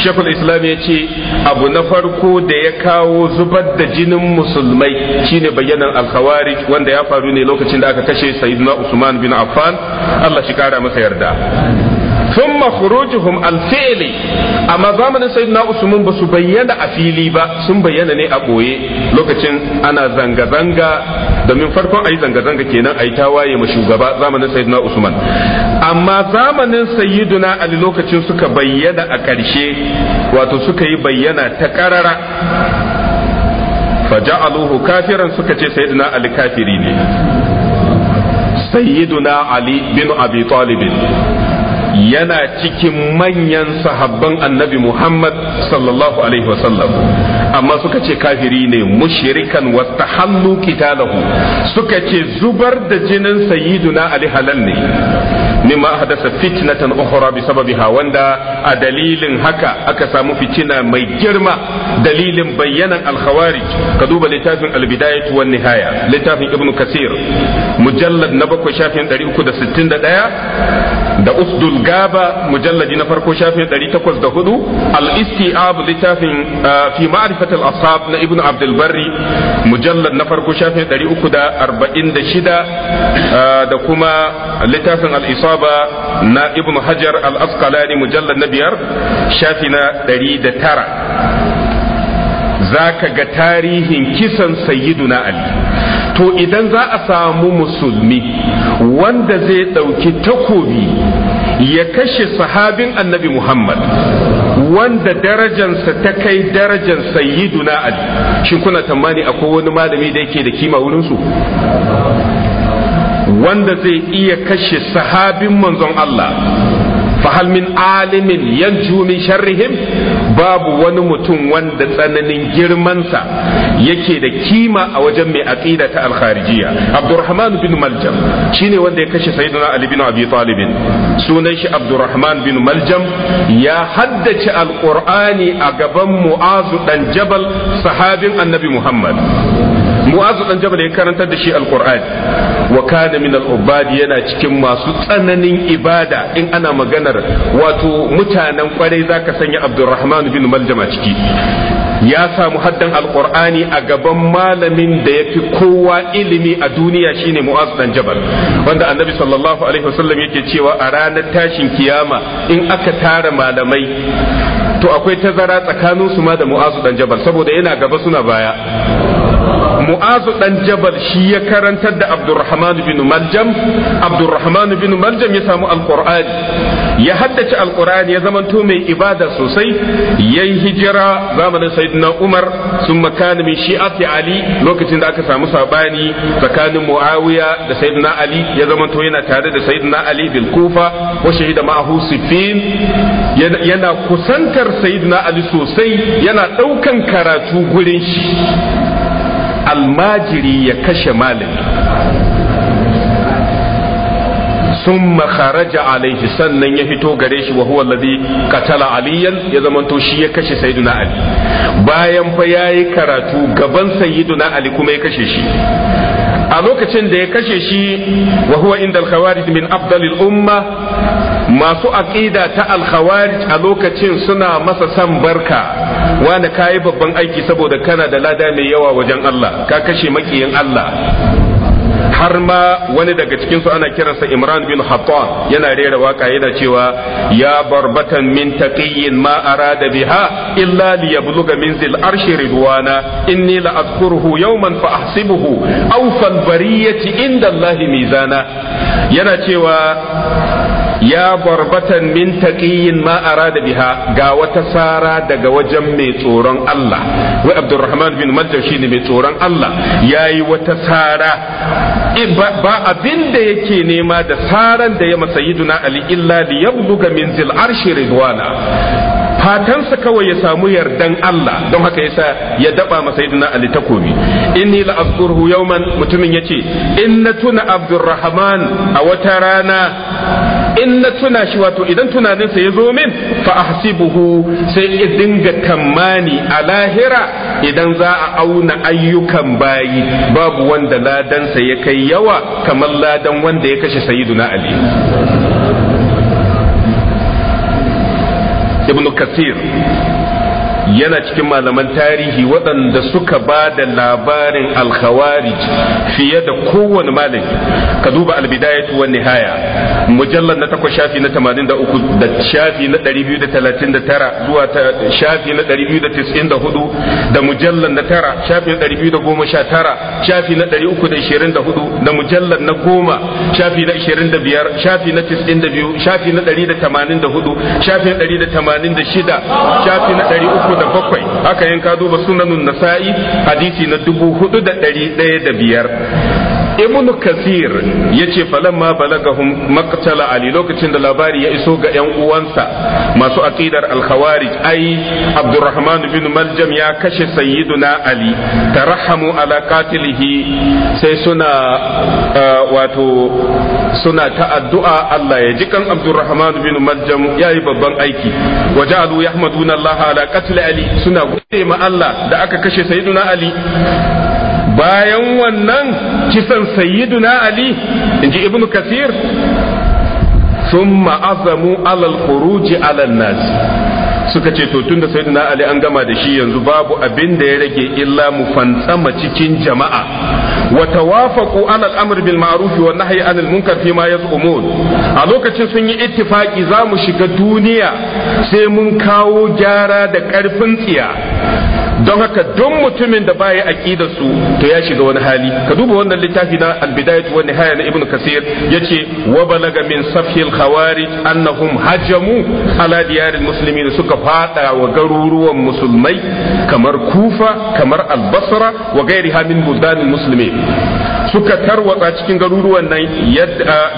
شيخ الاسلام يجي ابو da ya kawo zubar da jinin musulmai shine bayyanan al wanda ya faru ne lokacin da aka kashe sayyidina Usman bin Affan Allah kara masa yarda thumma khurujuhum al fi'li amma zamanin sayyidina usman ba su bayyana a fili ba sun bayyana ne a boye lokacin ana zanga zanga domin farkon ayi zanga zanga kenan ayi tawaye ma shugaba zamanin sayyidina usman amma zamanin sayyiduna ali lokacin suka bayyana a ƙarshe wato suka yi bayyana ta ƙarara faja'aluhu kafiran suka ce Sayyidina ali kafiri ne sayyiduna ali bin abi talibin yana cikin manyan sahabban annabi Muhammad sallallahu alaihi wasallam amma suka ce kafiri ne mushrikan wastahallu qitalahu suka ce zubar da jinin sayyiduna Ali halal ne mimma ahdasa fitnatan ukhra bi sababiha wanda a dalilin haka aka samu fitina mai girma dalilin bayyanan al-khawarij ka duba littafin al-bidayah wan nihaya littafin ibnu kasir mujallad na bakwai shafin 361 da usdul gaba mujalladi na farko shafin 804 al-istiab littafin ah, fi ma'rifat al-ashab na ibnu abdul barri mujallad na farko shafin 346 ah, da kuma littafin al-isab al na ibnu hajar al-asqalani mujallad na biyar shafi na ɗari da tara za ka ga tarihin kisan na ali to idan za a samu musulmi wanda zai ɗauki takobi ya kashe sahabin annabi muhammad wanda darajansa ta kai darajan sayyiduna ali shin kuna tamani akwai wani malami da yake da kima wurinsu wanda zai iya kashe sahabin manzon Allah fahal min alimin yanju min sharrihim babu wani mutum wanda tsananin girmansa yake da kima a wajen mai aqida ta al-kharijiyya Abdurrahman bin Maljam shine wanda ya kashe Sayyidina Ali bin Abi Talib sunan shi Abdurrahman bin Maljam ya haddace Alƙur'ani a gaban Mu'azu dan Jabal sahabin Annabi Muhammad mu'azu dan jabal ya karantar da shi alqur'ani wa kana min al yana cikin masu tsananin ibada in ana maganar wato mutanen kwarai zaka sanya abdurrahman bin maljama ciki ya samu haddan alqur'ani a gaban malamin da yafi kowa ilimi a duniya shine mu'azu dan jabal wanda annabi sallallahu alaihi wasallam yake cewa a ranar tashin kiyama in aka tara malamai to akwai tazara tsakaninsu ma da mu'azu dan jabal saboda yana gaba suna baya mu'azu dan jabal shi ya karantar da abdurrahman bin maljam abdurrahman bin maljam ya samu alqur'ani ya haddace alqur'ani ya zamanto mai ibada sosai yayi hijira zamanin sayyidina umar sun makana min shi'ati ali lokacin da aka samu sabani tsakanin muawiya da sayyidina ali ya zamanto yana tare da sayyidina ali bil kufa wa shahida ma'ahu siffin yana kusantar sayyidina ali sosai yana daukan karatu gurin shi almajiri ya kashe malami sun kharaja alaihi sannan ya fito gare shi wa huwa katala aliyan ya zamanto shi ya kashe sayyiduna ali bayan fa yayi karatu gaban sayyiduna ali kuma ya kashe shi a lokacin da ya kashe shi wa huwa inda khawarij min afdalil umma masu aƙida ta alkhawarij a lokacin suna masa san barka wani kayi babban aiki saboda kana da lada mai yawa wajen Allah ka kashe makiyin Allah har ma wani daga cikinsu ana kiransa imran bin hatton yana rera waka yana cewa ya barbatan min taqiyyin ma arada biha illa li yabluga minzil arshi ridwana inni la azkuruhu yawman fa ahsibuhu awfal bariyati inda allahi mizana yana cewa ya barbatan min taqiyin ma arada biha ga wata sara daga wajen mai tsoron Allah wai Abdurrahman bin Maljam shine mai tsoron Allah yayi wata sara eh, ba abin da yake nema da saran da ya na Ali illa li yabluga min zil arshi ridwana fatansa kawai ya samu yardan Allah don haka yasa ya daba masa na Ali takobi inni la azkurhu yawman mutumin yace in na tuna Abdurrahman a wata rana in na tuna shi wato idan tunaninsa ya zo min fa ahsibuhu sai ya dinga tammani a lahira idan za a auna ayyukan bayi babu wanda ladansa ya kai yawa kamar ladan wanda ya kashe sayyiduna ali ibnu kasir yana cikin malaman tarihi waɗanda suka ba da labarin alkhawarij fiye da kowane malami ka duba albidayatu wa nihaya mujallar na takwas shafi na 83 da shafi na 239 zuwa shafi na 294 da mujallar na tara shafi na 219 shafi na 324 da mujallar na goma shafi na 25 shafi na 92 shafi na 184 shafi na 186 shafi na 300 uku da bakwai aka yanka duba sunanun nasa'i hadisi na dubu hudu da ɗari ɗaya da biyar ibnu kasir yace falamma balagahum maqtala ali lokacin da labari ya iso ga yan uwansa masu aqidar al-khawarij ai abdurrahman bin maljam ya kashe sayyiduna ali tarahamu ala qatilihi sai suna uh, wato suna ta addu'a Allah ya ji kan abdurrahman bin maljam yayi babban aiki waja'alu yahmaduna Allah ala qatl ali suna gode ma Allah da aka kashe sayyiduna ali bayan wannan kisan sayyiduna ali inji ibnu kasir summa azamu alal khuruji alan nas suka ce to tunda sayyidina ali an gama da shi yanzu babu abin da ya rage illa mu fantsama cikin jama'a wa tawafaqu ala al-amr bil ma'ruf wa nahyi anil munkar fi ma yaz'umun a lokacin sun yi ittifaki za mu shiga duniya sai mun kawo gyara da karfin tsiya don haka don mutumin da baya aqida su to ya shiga wani hali ka duba wannan littafi na al-bidayatu wan nihaya na ibnu kasir yace wa balaga min safhil khawarij annahum hajamu ala diyaril muslimin suka fada wa garuruwan musulmai kamar kufa kamar al-basra wa gairiha min buldanil muslimin suka tarwatsa cikin garuruwan nan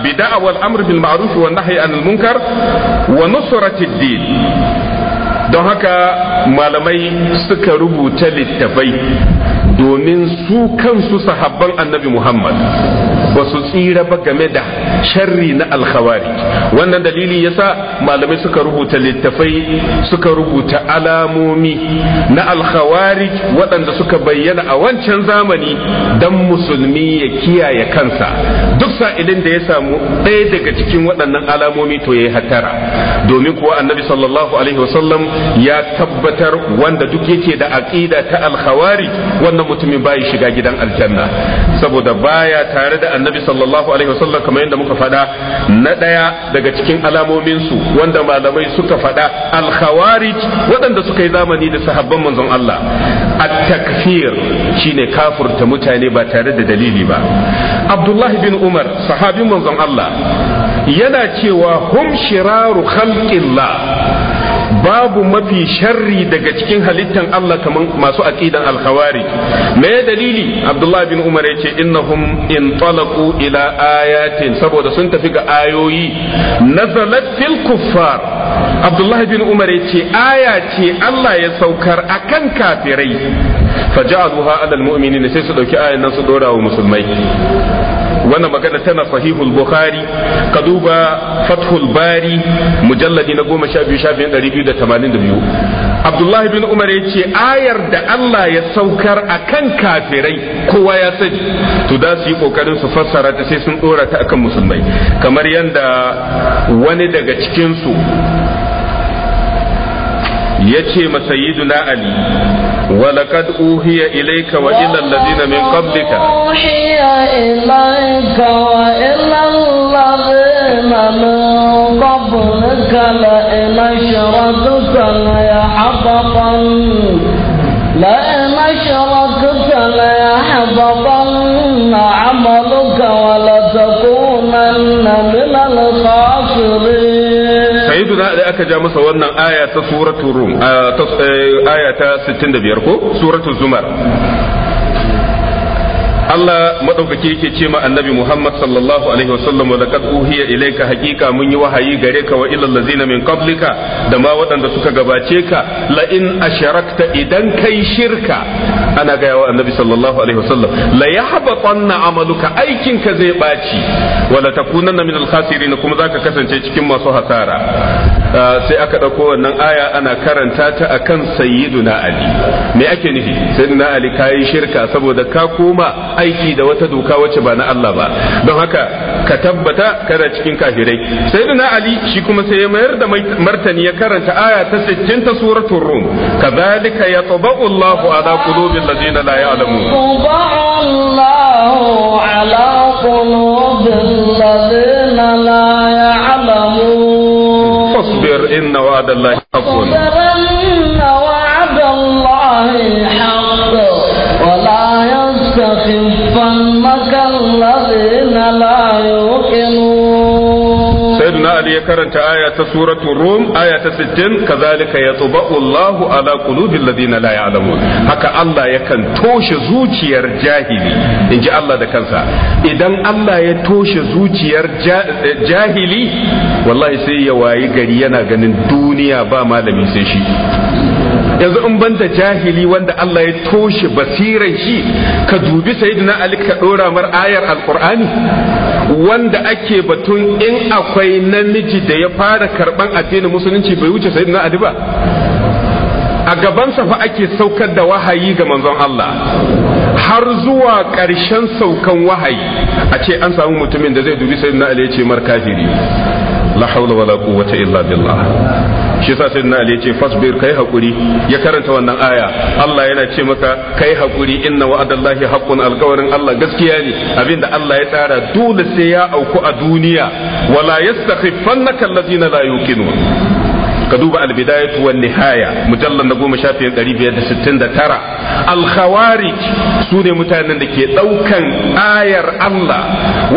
bid'a wal amr bil ma'ruf wa nahyi anil munkar wa nusratid din don haka malamai suka rubuta littafai domin su kansu sahabban annabi muhammad ba su tsira ba game da sharri na alkhawari wannan dalili yasa malamai suka rubuta littafai suka rubuta alamomi na alkhawari waɗanda suka bayyana a wancan zamani dan musulmi ya kiyaye kansa duk sa'ilin da ya samu ɗaya daga cikin waɗannan alamomi to ya yi hatara domin kuwa annabi sallallahu alaihi wasallam ya tabbatar wanda duk yake da aqida ta alkhawari wannan mutumin bai shiga gidan aljanna saboda baya tare da annabi sallallahu alaihi wasallam kamar yadda muka faɗa na ɗaya daga cikin alamomin su wanda malamai suka faɗa al-khawarij waɗanda suka yi zamani da sahabban manzon Allah at-takfir shine kafurta mutane ba tare da dalili ba abdullahi bin Umar sahabin manzon Allah yana cewa hum shiraru khalqillah babu mafi sharri daga cikin halittan Allah kaman masu aqidan alkhawari. khawari me dalili Abdullah bin Umar yace innahum in talaqu ila ayatin saboda sun tafi ga ayoyi nazalat fil kuffar Abdullah bin Umar yace aya ce Allah ya saukar akan kafirai faja'aluha ala al-mu'minin sai su dauki ayan nan su dora wa musulmai wannan magana tana sahihul bukhari ka duba fathul bari mujalladi na goma sha biyu shafin ɗari biyu da tamanin da biyu abdullahi bin umar ya ce ayar da allah ya saukar a kan kafirai kowa ya sani to da su yi kokarin su fassara ta sai sun ɗora ta akan musulmai kamar yadda wani daga cikinsu ya ce na ali ولقد أوحي إليك وإلى الذين من قبلك أوحي إليك وإلى الذين من قبلك لئن أشركت ليحبطن لئن أشركت ليحبطن عملك ولتكونن من الخاسرين aka ja masa wannan aya ta suratul rum eh, aya ta 65 ko suratul zumar Allah madaukake yake ce ma annabi Muhammad sallallahu alaihi wasallam wa laqad uhiya ilayka haqiqa mun yi wahayi gare ka wa ilal ladzina min qablika da ma waɗanda suka gabace ka la in asharakta idan kai shirka ana ga wa annabi sallallahu alaihi wasallam la yahbatanna amaluka aikin ka zai baci wa la takunanna min al-khasirin kuma zaka kasance cikin masu hasara Ah, sai aka ɗauko wannan aya ana karanta ta a akan sayyiduna ali me ake nufi sayyiduna ali kayi shirka saboda ka koma aiki da wata doka wacce ba na Allah ba don haka ka tabbata kada cikin kafirai sayyiduna ali shi kuma sai ya mayar da martani ya karanta aya ta 60 ta suratul rum kadhalika yatba'u Allahu ala qulubi allazina la ya'lamun Allahu ala qulubi إن وعد الله حق وعد الله ya karanta aya ta suratu rum aya ta 60 kazalika yatubu Allahu ala qulubil ladina la ya'lamun haka Allah yakan toshe zuciyar jahili inji Allah da kansa idan Allah ya toshe zuciyar eh, jahili wallahi sai ya wayi gari yana ganin duniya ba malami sai shi yanzu in banda jahili wanda Allah ya toshe basiran shi ka dubi sayyidina Ali ka dora mar ayar alqur'ani wanda ake batun in akwai namiji da ya fara karban addinin musulunci bai wuce sai ali ba a gabansa fa ake saukar da wahayi ga manzon Allah har zuwa ƙarshen saukan wahayi a ce an samu mutumin da zai dubi sayyidina ali ya ce mar kafiri la haula wala quwwata illa billah shi yasa sai na ce fasbir kai hakuri ya karanta wannan aya Allah yana ce maka kai hakuri inna wa'adallahi haqqun alqawrin Allah gaskiya ne abinda Allah ya tsara dole sai ya auku a duniya wala yastakhifannaka allazina la yuqinun ka duba albidayat wal nihaya mujallal na goma shafin 569 al-khawarij su ne mutanen da ke ɗaukan ayar Allah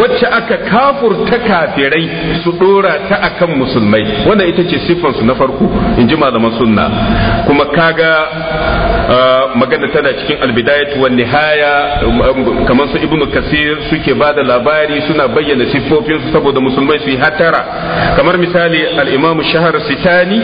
wacce aka kafurta kafirai su ɗora ta akan musulmai wannan ita ce su na farko in ji malaman sunna kuma kaga uh, magana tana cikin albidayat wal nihaya um, kamar su ibnu kasir suke ba da labari suna bayyana siffofinsu saboda musulmai su yi hatara kamar misali al-imam shahar sitani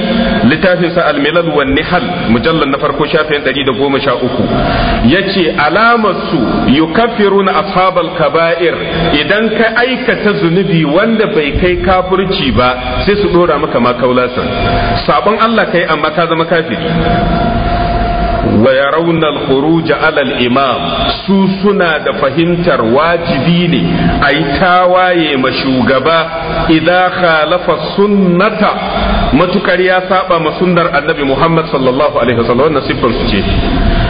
littafin sa al-milal wan nihal mujallal na farko shafin 113 yace alamar su yukaffiruna ashabal kaba'ir idan ka aikata zunubi wanda bai kai kafirci ba sai su dora maka ma kaulasan sabon Allah kai amma ka zama kafiri wa yarawna al-khuruj ala al-imam su suna da fahimtar wajibi ne a yi tawaye ma shugaba idza khalafa sunnata matukar ya saba ma sunnar annabi Muhammad sallallahu alaihi wasallam wannan siffar su ce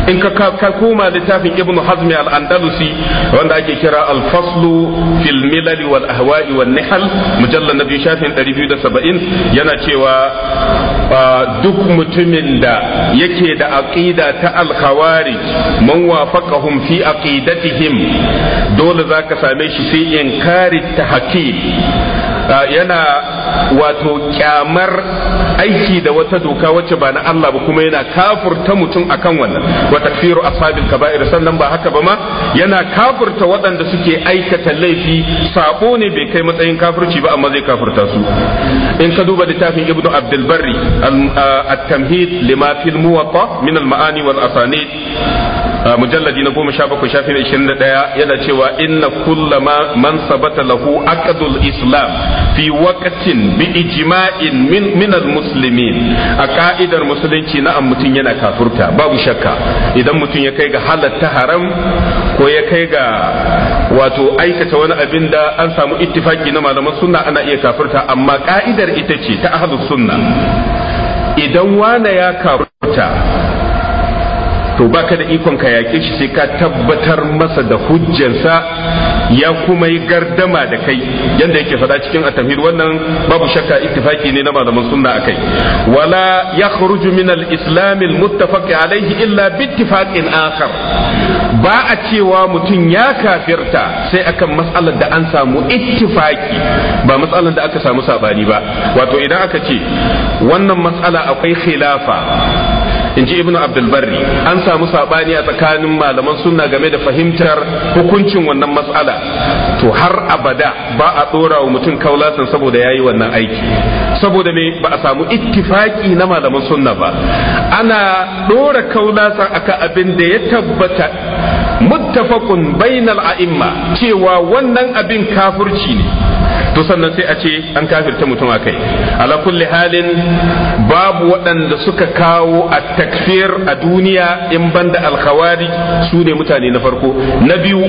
in ka koma littafin ibnu hazmi al-andalusi wanda ake kira al-faslu fil milal wal ahwa'i wal nihal mujallal nabi shafin 270 yana cewa duk mutumin da yake da aqida ta al-khawarij man wafaqahum fi aqidatihim dole zaka same shi sai inkari tahqiq yana wato kyamar aiki da wata doka wacce ba na Allah ba kuma yana kafurta mutum akan wannan wa takfiru ashabil kaba'ir sannan ba haka ba ma yana kafurta waɗanda suke aikata laifi sabo ne bai kai matsayin kafirci ba amma zai kafurta su in ka duba littafin ibnu abdul barri at-tamhid lima fil muwatta min al-ma'ani wal asanid mujalladi na goma sha bakwai shafi na ishirin da ɗaya yana cewa inna kulla man sabata lahu aqdul islam fi waqtin bi ijma'in min min a ka'idar musulunci na mutum yana kafurta babu shakka idan mutum ya kai ga halatta haram ko ya kai ga wato aikata wani abin da an samu ittifaki na malaman sunna ana iya kafurta amma ka'idar ita ce ta ahlus sunna idan wana ya kafurta to baka da ikon ka yaƙe shi sai ka tabbatar masa da hujjansa ya kuma yi gardama da kai yadda yake faɗa cikin at wannan babu shakka ittifaki ne na malaman sunna akai wala yakhruju min al-islam al-muttafaq alayhi illa bi ittifaqin akhar ba a cewa mutum ya kafirta sai akan matsalar da an samu ittifaki ba matsalar da aka samu sabani ba wato idan aka ce wannan matsala akwai khilafa in ji ibnu abdulbarri an samu saɓani a tsakanin malaman sunna game da fahimtar hukuncin wannan matsala to har abada ba a ɗora wa mutum kaulatan saboda ya yi wannan aiki saboda me ba a samu ittifaki na malaman sunna ba ana ɗora kaulatan aka abin da ya tabbata muttafaqun bainal a'imma cewa wannan abin kafurci ne to sannan sai a ce an kafirta mutum a kai ala kulli halin babu waɗanda suka kawo a takfir a duniya in banda alkhawari su ne mutane na farko na biyu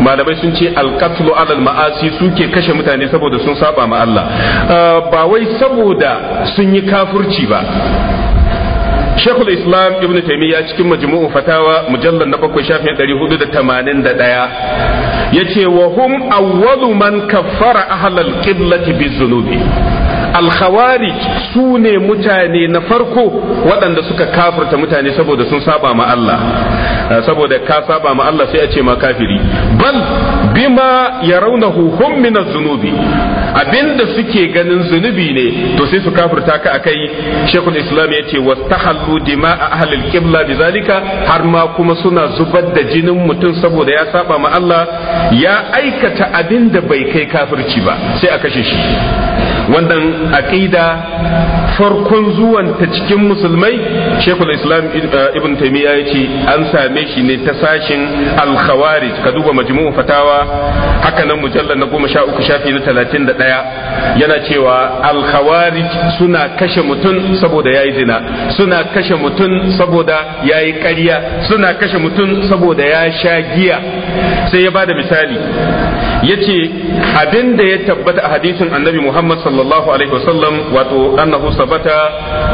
malamai sun ce alkatlu alal ma'asi suke kashe mutane saboda sun saba ma Allah ah, ba wai saboda sun yi kafurci ba shekul islam ibn taimiyya cikin majmu'u fatawa mujallar na bakwai shafin ɗari hudu da tamanin da ɗaya ya ce wa hum awwalu man kaffara ahlal qiblati bizunubi alkhawarij su ne mutane na farko waɗanda suka kafarta mutane saboda sun saba ma Allah saboda ka saba ma Allah sai a ce ma kafiri bal bima yarawnahu hum min az-zunubi abinda suke ganin zunubi ne to sai su kafirta ka akai shekul islam ya ce wastahallu dima'a ahlil qibla bizalika har ma kuma suna zubar da jinin mutum saboda ya saba ma Allah ya aikata abinda bai kai kafirci ba sai a kashe shi wannan aqida farkon zuwan ta cikin musulmai shekul islam eh, ibn taimiyya ya ce an same shi ne ta sashin alkhawarij ka duba majmu'u fatawa hakanan mujallar na goma sha uku shafi na talatin da ɗaya yana cewa alkhawarij suna kashe mutum saboda ya yi zina suna kashe mutum saboda ya yi ƙarya suna kashe mutum saboda ya sha giya sai ya ba da misali yace abin da ya tabbata a hadisin annabi Muhammad sallallahu alaihi wasallam wato annahu sabata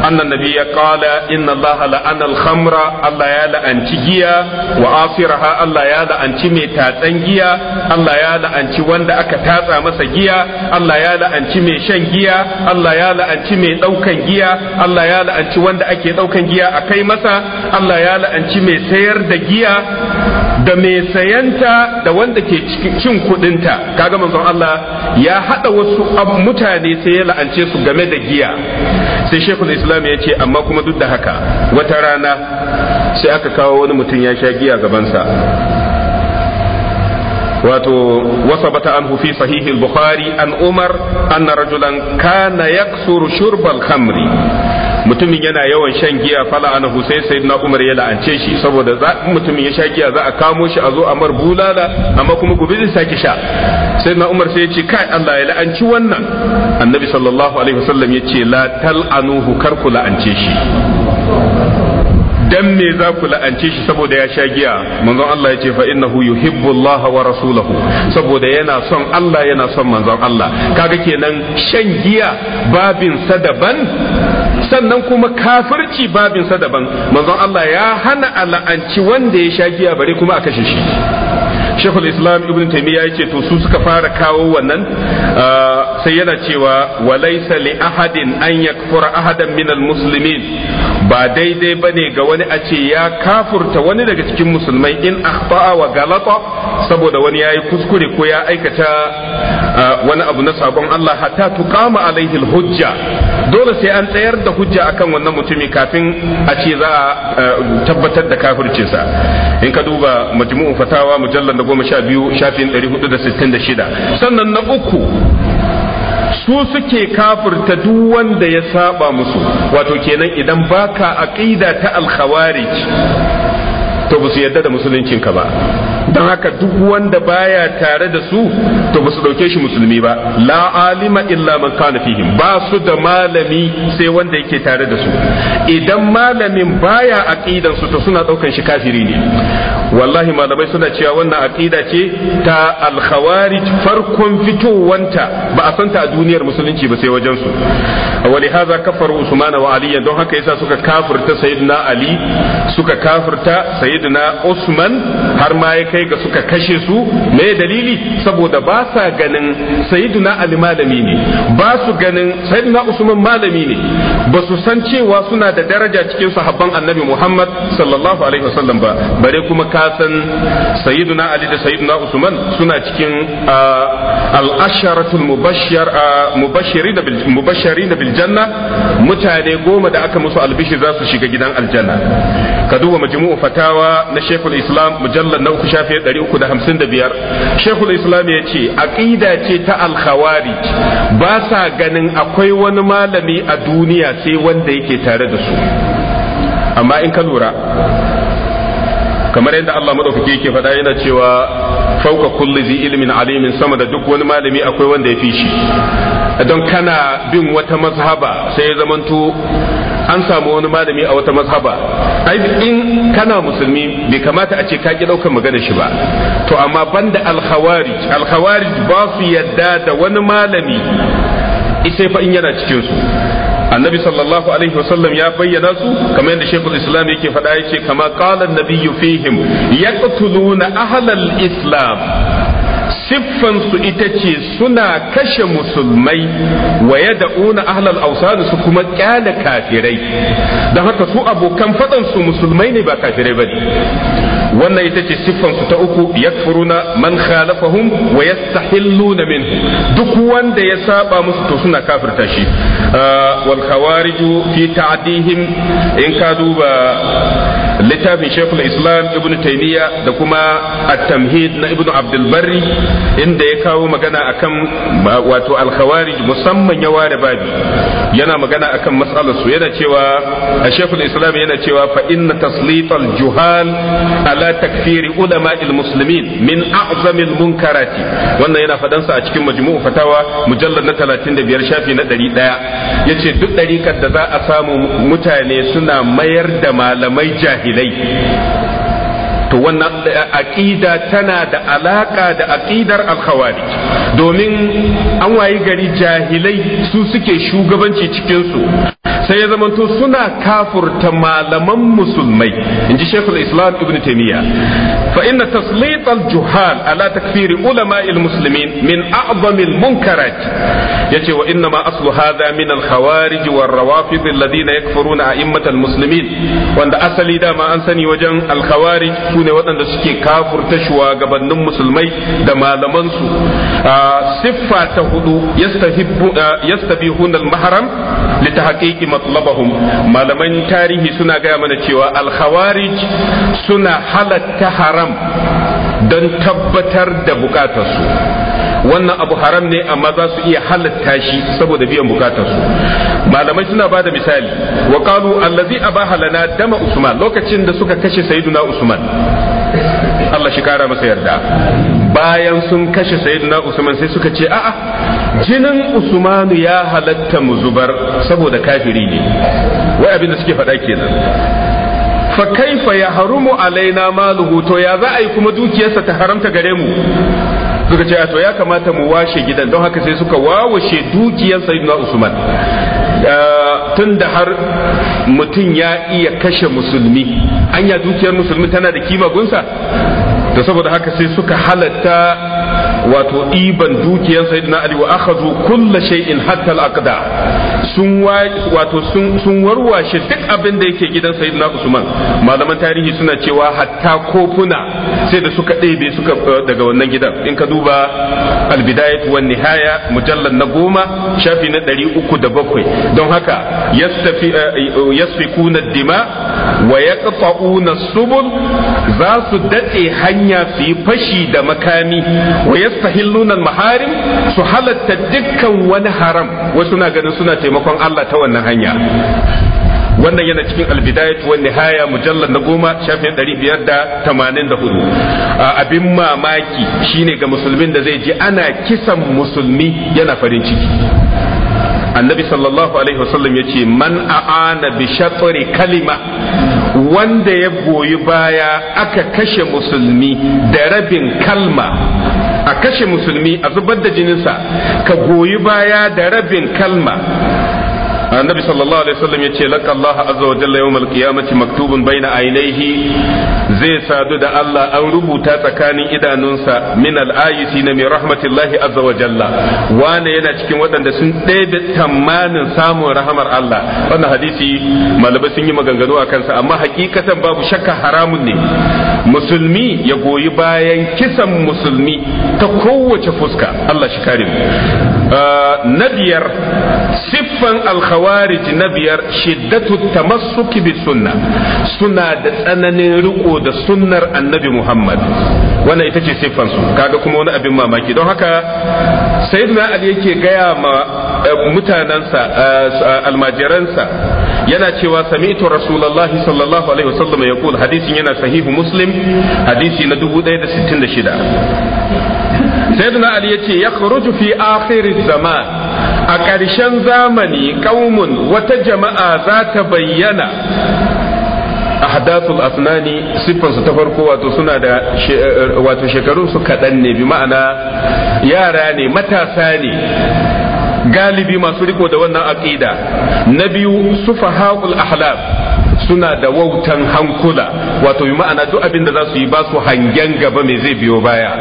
anna ya qala inna Allah la'ana al-khamra Allah ya la'anci giya wa asiraha Allah ya la'anci mai tatsan giya Allah ya la'anci wanda aka tatsa masa giya Allah ya la'anci mai shan giya Allah ya la'anci mai daukan giya Allah ya la'anci wanda ake daukan giya a kai masa Allah ya la'anci mai sayar da giya da mai sayanta da wanda ke cin kudinta kaga manzon Allah ya hada wasu mutane sai ya la'ance su game da giya sai shekul islam ya ce amma kuma duk da haka wata rana sai aka kawo wani mutum ya sha giya gabansa wato an Hufi في Buhari an Umar عمر أن رجلا كان يكثر shurbal الخمر mutumin yana yawan shan giya fala ana sai na umar ya la'ance shi saboda mutumin ya sha giya za a kamo shi a zo a mar bulala amma kuma gobe zai sake sha na umar sai ya ce kai Allah ya la'anci wannan annabi sallallahu alaihi wasallam ya ce la tal'anuhu kar ku la'ance shi dan me za ku la'ance shi saboda ya sha giya manzon Allah ya ce fa innahu yuhibbu Allah wa rasulahu saboda yana son Allah yana son manzon Allah kaga kenan shan giya babin sa daban sannan kuma kafirci babin sa daban manzon Allah ya hana a la'anci wanda ya sha giya bare kuma a kashe shi shekul islam ibn taimiyya ya ce to su suka fara kawo wannan uh, sai yana cewa walaisa li ahadin an yakfura ahadan minal muslimin ba daidai bane ga wani a ce ya kafurta wani daga cikin musulmai in akhta'a wa galata saboda wani yayi kuskure ko ya aikata uh, wani abu na sabon Allah hatta tuqama alaihi hujja dole sai an tsayar da hujja akan wannan mutumi kafin a ce za a eh, tabbatar da kafircinsa in ka duba majmu'u fatawa mujallar da goma sha biyu shafin 466 sannan na uku su suke kafirta duk wanda ya saba musu wato kenan idan baka aqida ta al to ba su yarda da musuluncinka ba don haka duk wanda baya tare da su to ba su dauke shi musulmi ba la alima illa man kana fihim ba su da malami sai wanda yake tare da su idan malamin baya aqidan su to suna daukan shi kafiri ne wallahi malamai suna cewa wannan aqida ce ta al-khawarij farkon fitowanta ba a santa a duniyar musulunci ba sai wajen su wali hadha kafaru usman wa ali don haka yasa suka kafirta sayyidina ali suka kafirta sayyidina usman har ma ya kai ga suka kashe su me dalili saboda ba sa ganin sayyiduna ali malami ne ba su ganin sayyiduna usman malami ne ba su san cewa suna da daraja cikin sahabban annabi muhammad sallallahu alaihi wasallam ba bare kuma ka san sayyiduna ali da sayyiduna usman suna cikin al-asharatul mubashshar mubashirin bil mubashirin bil janna mutane goma da aka musu albishir za su shiga gidan aljanna ka duba majmu'u fatawa na shaykhul islam mujallal na uku shafi 355 shekul islam ya ce aƙida ce ta alkhawari ba sa ganin akwai wani malami a duniya sai wanda yake tare da su amma in ka lura kamar yadda Allah madaukake yake faɗa yana cewa fauka kulli zi ilmin alimin sama da duk wani malami akwai wanda ya fi shi don kana bin wata mazhaba sai ya zamanto an samu wani malami a wata mazhaba ai in kana musulmi bai kamata a ce ka ki daukar magana shi ba to amma banda al-khawarij al-khawarij ba su yadda da wani malami sai fa in yana cikin su annabi sallallahu alaihi wasallam ya bayyana su kamar yadda shekul islam yake faɗa yace kama qala an-nabiyyu fihim yaqtuluna ahlal islam siffansu ita ce suna kashe musulmai wa ya da'una ahlal ausani su kuma kyale kafirai don haka su abokan faɗansu musulmai ne ba kafirai ba ne wannan ita ce siffansu ta uku yakfuruna man khalafahum wa yastahilluna min duk wanda ya saba musu to suna kafirta shi uh, wal khawariju fi ta'dihim in ka duba littafin shekul islam ibn taimiyya da kuma at-tamhid na ibn abdulbari inda ya kawo magana akan wato alkhawarij musamman ya ware babi yana magana akan matsalar su yana cewa a shekul islam yana cewa fa inna taslit al-juhal ala takfiri ulama al-muslimin min a'zam al-munkarati wannan yana faɗansa a cikin majmu'u fatawa mujallad na 35 shafi na 100 yace duk ɗarikar da za a samu mutane suna mayar da malamai jahili jahilai to wannan eh, aqida tana da alaka da aqidar al domin an wayi gari jahilai su suke shugabanci cikin su sai ya zamanto suna kafurta malaman musulmai in ji shekul islam ibn taimiyya fa inna taslit al-juhal ala takfiri ulama muslimin min a'zamil munkarat yace wa inna ma aslu hadha min al-khawarij war rawafid alladhina yakfuruna a'immat al-muslimin wanda asali dama an sani wajen al-khawarij sune waɗanda suke kafurta shugabannin musulmai da malaman su siffa ta hudu yastahibbu yastabihuna al-mahram li tahqiqi matlabahum malaman tarihi suna gaya mana cewa al suna halatta haram don tabbatar da bukatarsu wannan abu haram ne amma za su iya halatta shi saboda biyan bukatarsu malamai suna ba da misali wa qalu allazi abaha lana dama usman lokacin da suka kashe sayyiduna usman Allah shi kara masa yarda bayan sun kashe sayyiduna usman sai suka ce a'a jinin usmanu ya halatta mu zubar saboda kafiri ne wai abin da suke faɗa kenan fa kaifa ya harumu alaina maluhu to ya za a yi kuma dukiyarsa ta haramta gare mu suka ce to ya kamata mu washe gidan don haka sai suka wawashe dukiyar sayyidina usman tun da har mutum ya iya kashe musulmi anya dukiyar musulmi tana da kima gunsa da saboda haka sai suka halatta wato iban dukiyar sayyidina ali wa akhadhu kull shay'in hatta al-aqda sun wato sun warwashe duk abin da yake gidan sayyidina usman malaman tarihi suna cewa hatta kofuna sai da suka ɗebe suka eh, daga wannan gidan in ka duba albidayat wan nihaya mujallal na goma shafi na ɗari uku da bakwai don haka eh, eh, yasfikuna dima wa yaqta'una subul za su datse hanya su yi fashi da makami wa yastahilluna maharim su halatta dukkan wani haram wasu na ganin suna taimaka taimakon Allah ta wannan hanya wannan yana cikin albidayat wa nihaya mujallar na goma shafin ɗari biyar da tamanin da hudu abin mamaki shine ga musulmin da zai ji ana kisan musulmi yana farin ciki annabi sallallahu alaihi wasallam ya ce man a'ana bi shatri kalima wanda ya goyi baya aka kashe musulmi da rabin kalma a kashe musulmi a zubar da jininsa ka goyi baya da rabin kalma annabi sallallahu alaihi wasallam ya ce laka Allah azza wa jalla yawmal qiyamati maktubun baina ainihi zai sadu da Allah an rubuta tsakanin idanunsa min al-ayisi na min rahmatillahi azza wa yana cikin waɗanda sun ɗebe tamanin samun rahamar Allah wannan hadisi malamai sun yi maganganu a kansa amma hakikatan babu shakka haramun ne musulmi ya goyi bayan kisan musulmi ta kowace fuska Allah shi kare na biyar siffan alkhawarij na biyar shiddatu tamassuki bi sunna suna da tsananin riko da sunnar annabi muhammad wannan ita ce siffan su kaga kuma wani abin mamaki don haka sayyidina ali yake gaya ma eh, mutanansa eh, almajiransa yana cewa sami'tu rasulullahi sallallahu alaihi wasallam yaqul hadisin yana sahihu muslim hadisi na da sittin shida. sayyidina ali yace yakhruju fi akhir zama a ƙarshen zamani qaumun wata jama'a zata bayyana ahdathul asnani siffar su ta farko wato suna da eh, wato shekarun su kaɗan ne bi ma'ana yara ne matasa ne galibi masu riko da wannan aqida na biyu sufaha'ul ahlab suna da wautan hankula wato ma'ana duk abin da za su yi ba su hangen gaba me zai biyo baya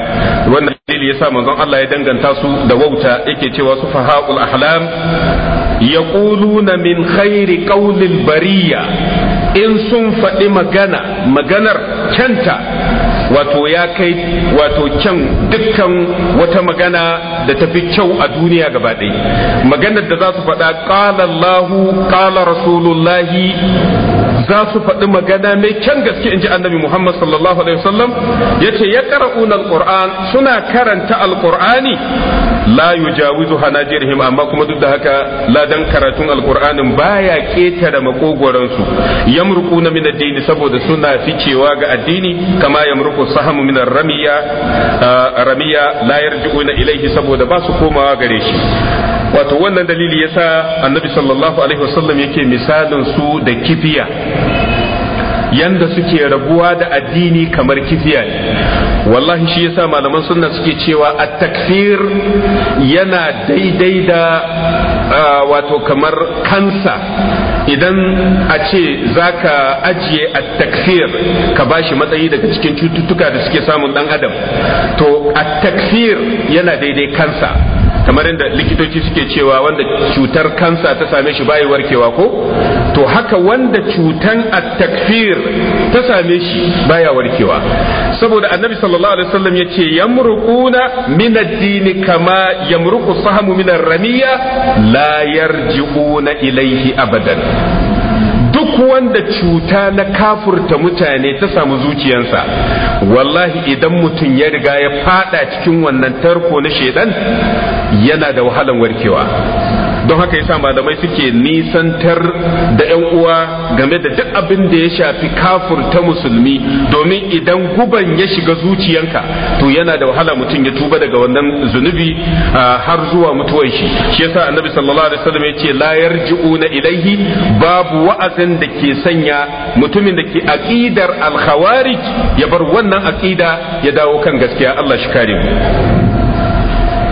wannan dalili yasa manzon Allah ya danganta su da wauta yake cewa su fahaul ahlam yaquluna min khairi qawlil bariya in sun faɗi magana maganar kyanta wato ya kai wato kyan dukkan wata magana da tafi kyau a duniya gaba ɗaya maganar da za su faɗa ƙala Allahu ƙala Rasulullahi za su faɗi magana mai kyan gaske in ji annabi Muhammad sallallahu alaihi wasallam ya ce ya ƙara'una alƙur'an suna karanta alƙur'ani la yujawizu hanajirhim amma kuma duk da haka ladan karatun alƙur'anin baya ƙetare Yamruku na min addini saboda suna ficewa ga addini kama yamruqu sahamu min ramiya ah, ramiya la yarji'una ilaihi saboda ba su komawa gare shi wato wannan dalili yasa annabi sallallahu alaihi wasallam yake misalin su da kifiya yanda suke rabuwa da addini kamar kifiya ne wallahi shi yasa malaman sunna suke cewa a takfir yana daidai da wato kamar kansa idan a ce zaka ajiye a takfir ka bashi matsayi daga cikin cututtuka da suke samun dan adam to a takfir yana daidai kansa kamar yadda likitoci suke cewa wanda cutar kansa ta same shi bai warkewa ko to haka wanda cutan at-takfir ta same shi baya warkewa saboda annabi sallallahu alaihi wasallam yace yamruquna min ad-din kama yamruqu sahamu min ar-ramiya la yarji'una ilayhi abadan duk wanda cuta na kafurta mutane ta samu zuciyansa wallahi idan mutum ya riga ya fada cikin wannan tarko na shedan yana da wahalan warkewa don haka yasa malamai suke nisantar da yan uwa game da duk abin da ya shafi kafur ta musulmi domin idan guban ya shiga zuciyanka to yana da wahala mutum ya tuba daga wannan zunubi ah, har zuwa mutuwar shi shi yasa annabi sallallahu alaihi wasallam yace la yarji'una ilaihi babu wa'azin da ke sanya mutumin da ke aqidar al-khawarij ya bar wannan aqida ya dawo kan gaskiya Allah shi kare mu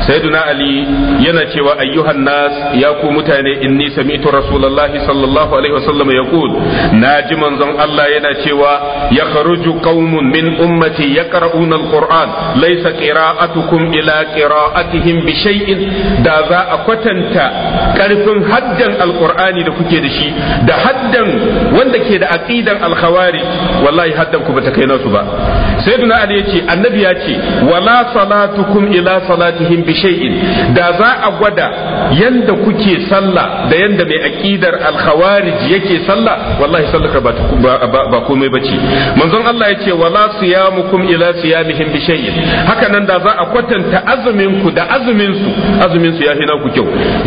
saiduna ali yana cewa ayyuhan nas ya ku mutane inni sami'tu rasulullahi sallallahu alaihi wasallam yaqul naji manzon Allah yana cewa yakhruju qaumun min ummati yaqra'una alquran laysa qira'atukum ila qira'atihim bi shay'in da za a kwatanta karfin haddan alqur'ani da kuke da shi da haddan wanda ke da aqidan alkhawarij wallahi haddan ku bata kai nasu ba sayyiduna ali yace annabi ya ce wala salatukum ila bi bi da za a gwada yanda kuke sallah da yanda mai aqidar al yake sallah wallahi sallaka ba ba komai bace manzon Allah yace wala siyamukum ila siyamihim bi shay'in haka nan da za a kwatanta azumin ku da azumin su azumin su yafi naku kyau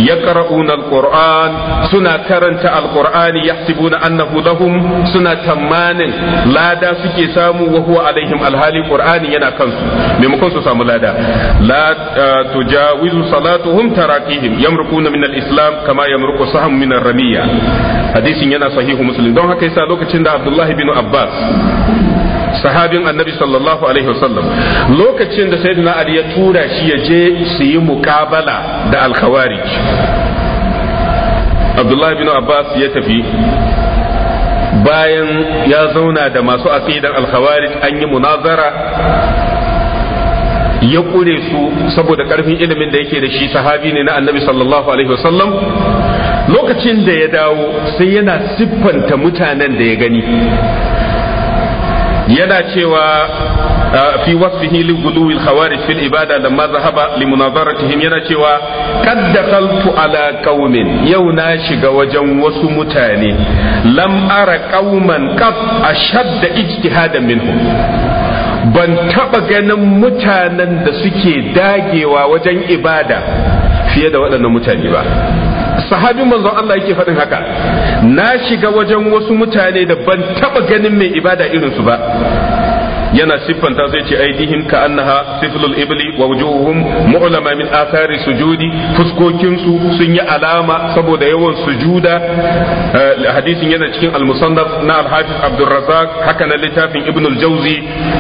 yaqra'una al-qur'an suna karanta al-qur'ani yahsibuna annahu lahum suna tamanin lada suke samu wa huwa alaihim alhali qur'ani yana kansu maimakon su samu lada la tujawizu salatuhum tarakihim yamruquna min al-islam kama yamruqu saham min ar-ramiya hadisin yana sahihu muslim don haka yasa lokacin da abdullahi bin abbas sahabin annabi sallallahu alaihi wasallam lokacin da sayyidina ali ya tura shi ya je su yi muqabala da al-khawarij abdullahi bin abbas ya tafi bayan ya zauna da masu aqidan al-khawarij an yi munazara ya kure su saboda karfin ilimin da yake da shi sahabi ne na annabi sallallahu alaihi wasallam lokacin da ya dawo sai yana siffanta mutanen da ya gani yana cewa fi wasfihi li guduwi khawarij fil ibada da zahaba li munazaratihim yana cewa qad dakhaltu ala qaumin yau na shiga wajen wasu mutane lam ara qauman a shadda ijtihadan minhum ban taɓa ganin mutanen da suke dagewa wajen ibada fiye da waɗannan mutane ba sahabin manzon Allah yake faɗin haka na shiga wajen wasu mutane da ban taɓa ganin mai ibada irinsu ba yana siffanta sai ce aidihim ka annaha siflul ibli wa wujuhum mu'lama min athari sujudi fuskokinsu sun yi alama saboda yawan sujuda eh, hadisin yana cikin al-musannaf na al-hafiz abdurrazzaq haka na littafin ibn al-jawzi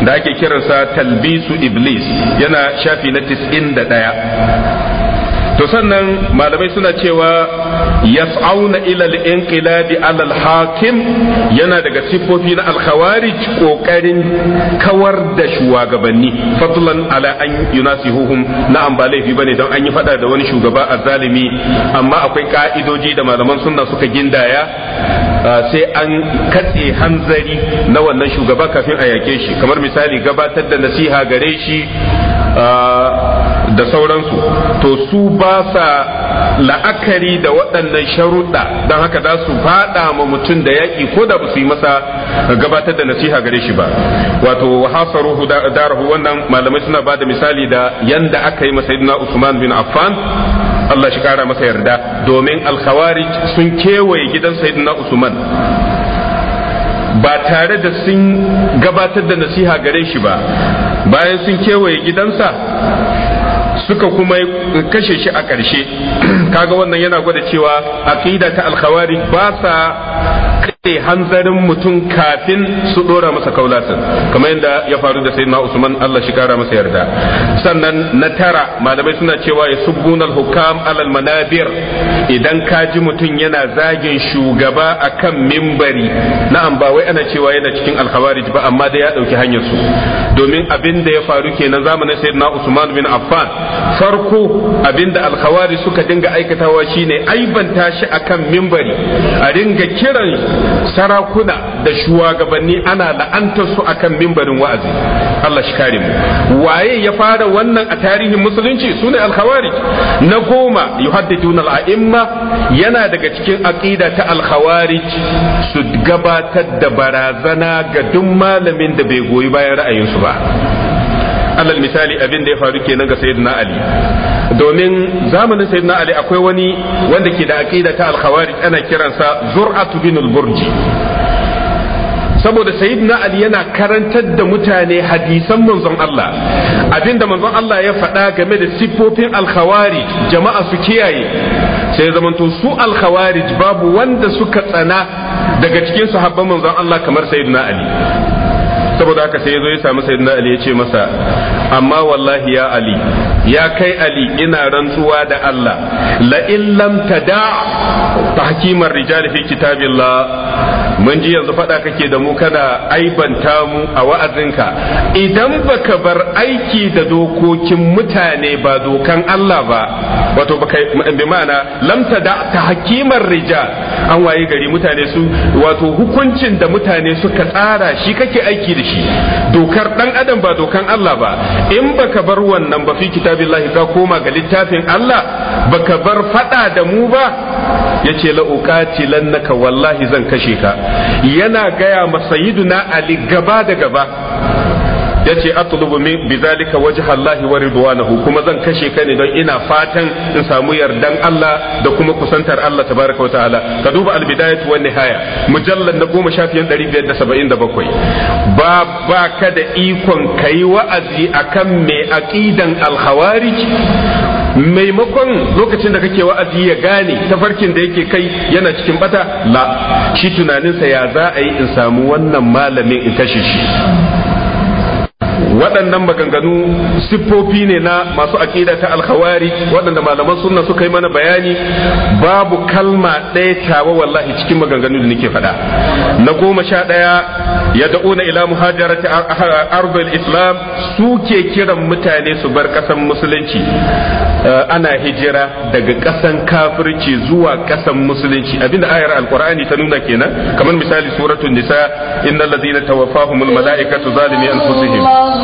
da ake kiransa talbisu iblis yana shafi na 91 to sannan malamai suna cewa yas'auna ila al inqilabi ala al-hakim yana daga siffofi na al-khawarij kokarin kawar da shugabanni fadlan ala an yunasihuhum na'am ba laifi bane don an yi fada da wani shugaba zalimi amma akwai ka'idoji da malaman sunna suka gindaya sai an katse hanzari na wannan shugaba kafin a yake shi kamar misali gabatar da nasiha gare shi da sauransu to su ba sa la'akari da waɗannan sharuɗa don haka za su faɗa ma mutum da yaƙi ko da ba su yi masa gabatar da nasiha gare shi ba wato hasaru darahu wannan malamai suna ba da misali da yanda aka yi masa Usman bin Affan Allah shi kara masa yarda domin alkhawari sun kewaye gidan sayyidina Usman ba tare da sun gabatar da nasiha gare shi ba bayan sun kewaye gidansa suka kuma kashe shi a ƙarshe kaga wannan yana gwada cewa aqida ta alkhawari ba sa hanzarin mutum kafin su dora masa kaulatin kamar yadda ya faru da sayyidina Usman Allah shi kara masa yarda sannan na tara malamai suna cewa ya subbunal hukam alal manabir idan ka ji mutum yana zagin shugaba akan mimbari na'am ba wai ana cewa yana cikin alkhawarij ba amma da ya dauki hanyar su domin abin da ya faru kenan zamanin sayyidina Usman bin Affan farko abin da alkhawari suka dinga aikatawa shine aibanta shi akan mimbari a dinga kiran sarakuna da shugabanni ana la'antar su akan mimbarin wa'azi Allah shi kare mu waye ya fara wannan a tarihin musulunci sune al-khawarij na goma yuhaddithuna al-a'imma yana daga cikin aqida ta al-khawarij su gabatar da barazana ga duk malamin da bai goyi bayan ra'ayinsu ba alal misali abin da ya faru kenan ga sayyidina ali domin zamanin sayyidina ali akwai wani wanda ke da aqida ta al-khawarij ana kiransa zur'atu bin al-burji saboda sayyidina ali yana karantar da mutane hadisan manzon Allah abinda manzon Allah ya faɗa game da siffofin alkhawari jama'a su kiyaye sai zamanto su alkhawari babu wanda suka tsana daga cikin sahabban manzon Allah kamar sayyidina ali saboda haka sai ya zo ya samu sayyidina ali ya ce masa amma wallahi ya ali ya kai ali ina rantsuwa da Allah la in lam tada tahkimar rijal fi kitabillah mun ji yanzu fada kake da mu kana aibanta mu a wa'azinka idan baka bar aiki da dokokin mutane ba dokan Allah ba wato baka bi ma'ana lam tada tahkimar rijal an waye gari mutane su wato hukuncin da mutane suka tsara shi kake aiki da dokar dan adam ba dokan Allah ba in baka bar wannan ba fi kitabillahi ka koma ga littafin Allah baka bar fada da mu ba yace la lannaka wallahi zan kashe ka yana gaya ma sayyiduna ali gaba da gaba yace atlubu min bizalika wajha Allah wa ridwanahu kuma zan kashe ka ne don ina fatan in samu yardan Allah da kuma kusantar Allah tabaraka wa ta'ala ka duba albidayat wa nihaya mujallad na 10577 ba ba ka da ikon kai wa'azi akan mai aqidan al-khawarij maimakon lokacin da kake wa'azi ya gane tafarkin da yake kai yana cikin bata la shi tunaninsa ya za a yi in samu wannan malamin in kashe shi waɗannan maganganu siffofi ne na masu aƙida ta alkhawari waɗanda malaman sunna suka yi mana bayani babu kalma ɗaya tawa wallahi cikin maganganu da nake faɗa na goma sha ɗaya ya da'una ila ta ardul islam su ke kiran mutane su bar ƙasan musulunci eh, ana hijira daga ƙasan kafirci zuwa ƙasan musulunci abinda ayar alkur'ani ta nuna kenan kamar misali suratun nisa innal ladina tawaffahumul malaikatu zalimi anfusihim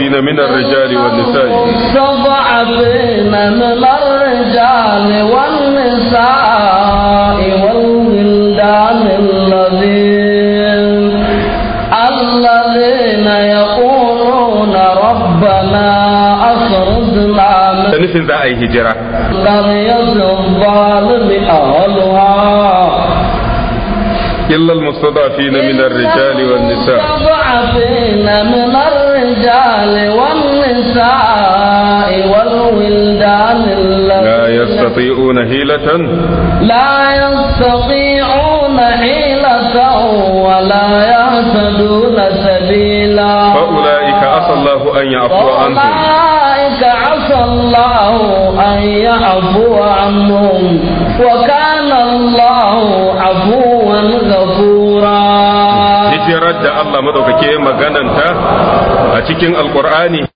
المستضعفين من الرجال والنساء المستضعفين من الرجال والنساء والولدان الذين الذين يقولون ربنا أخرجنا ذا أي هجرة الظالم أهلها إلا المستضعفين من الرجال والنساء المستضعفين من الرجال الرجال والنساء والولدان لا يستطيعون هيلة لا يستطيعون حيلة ولا يهتدون سبيلا فأولئك عسى الله أن يعفو عنهم فأولئك عسى الله أن يعفو عنهم وكان الله عفوا غفورا da Allah madaukake magananta a cikin alkur'ani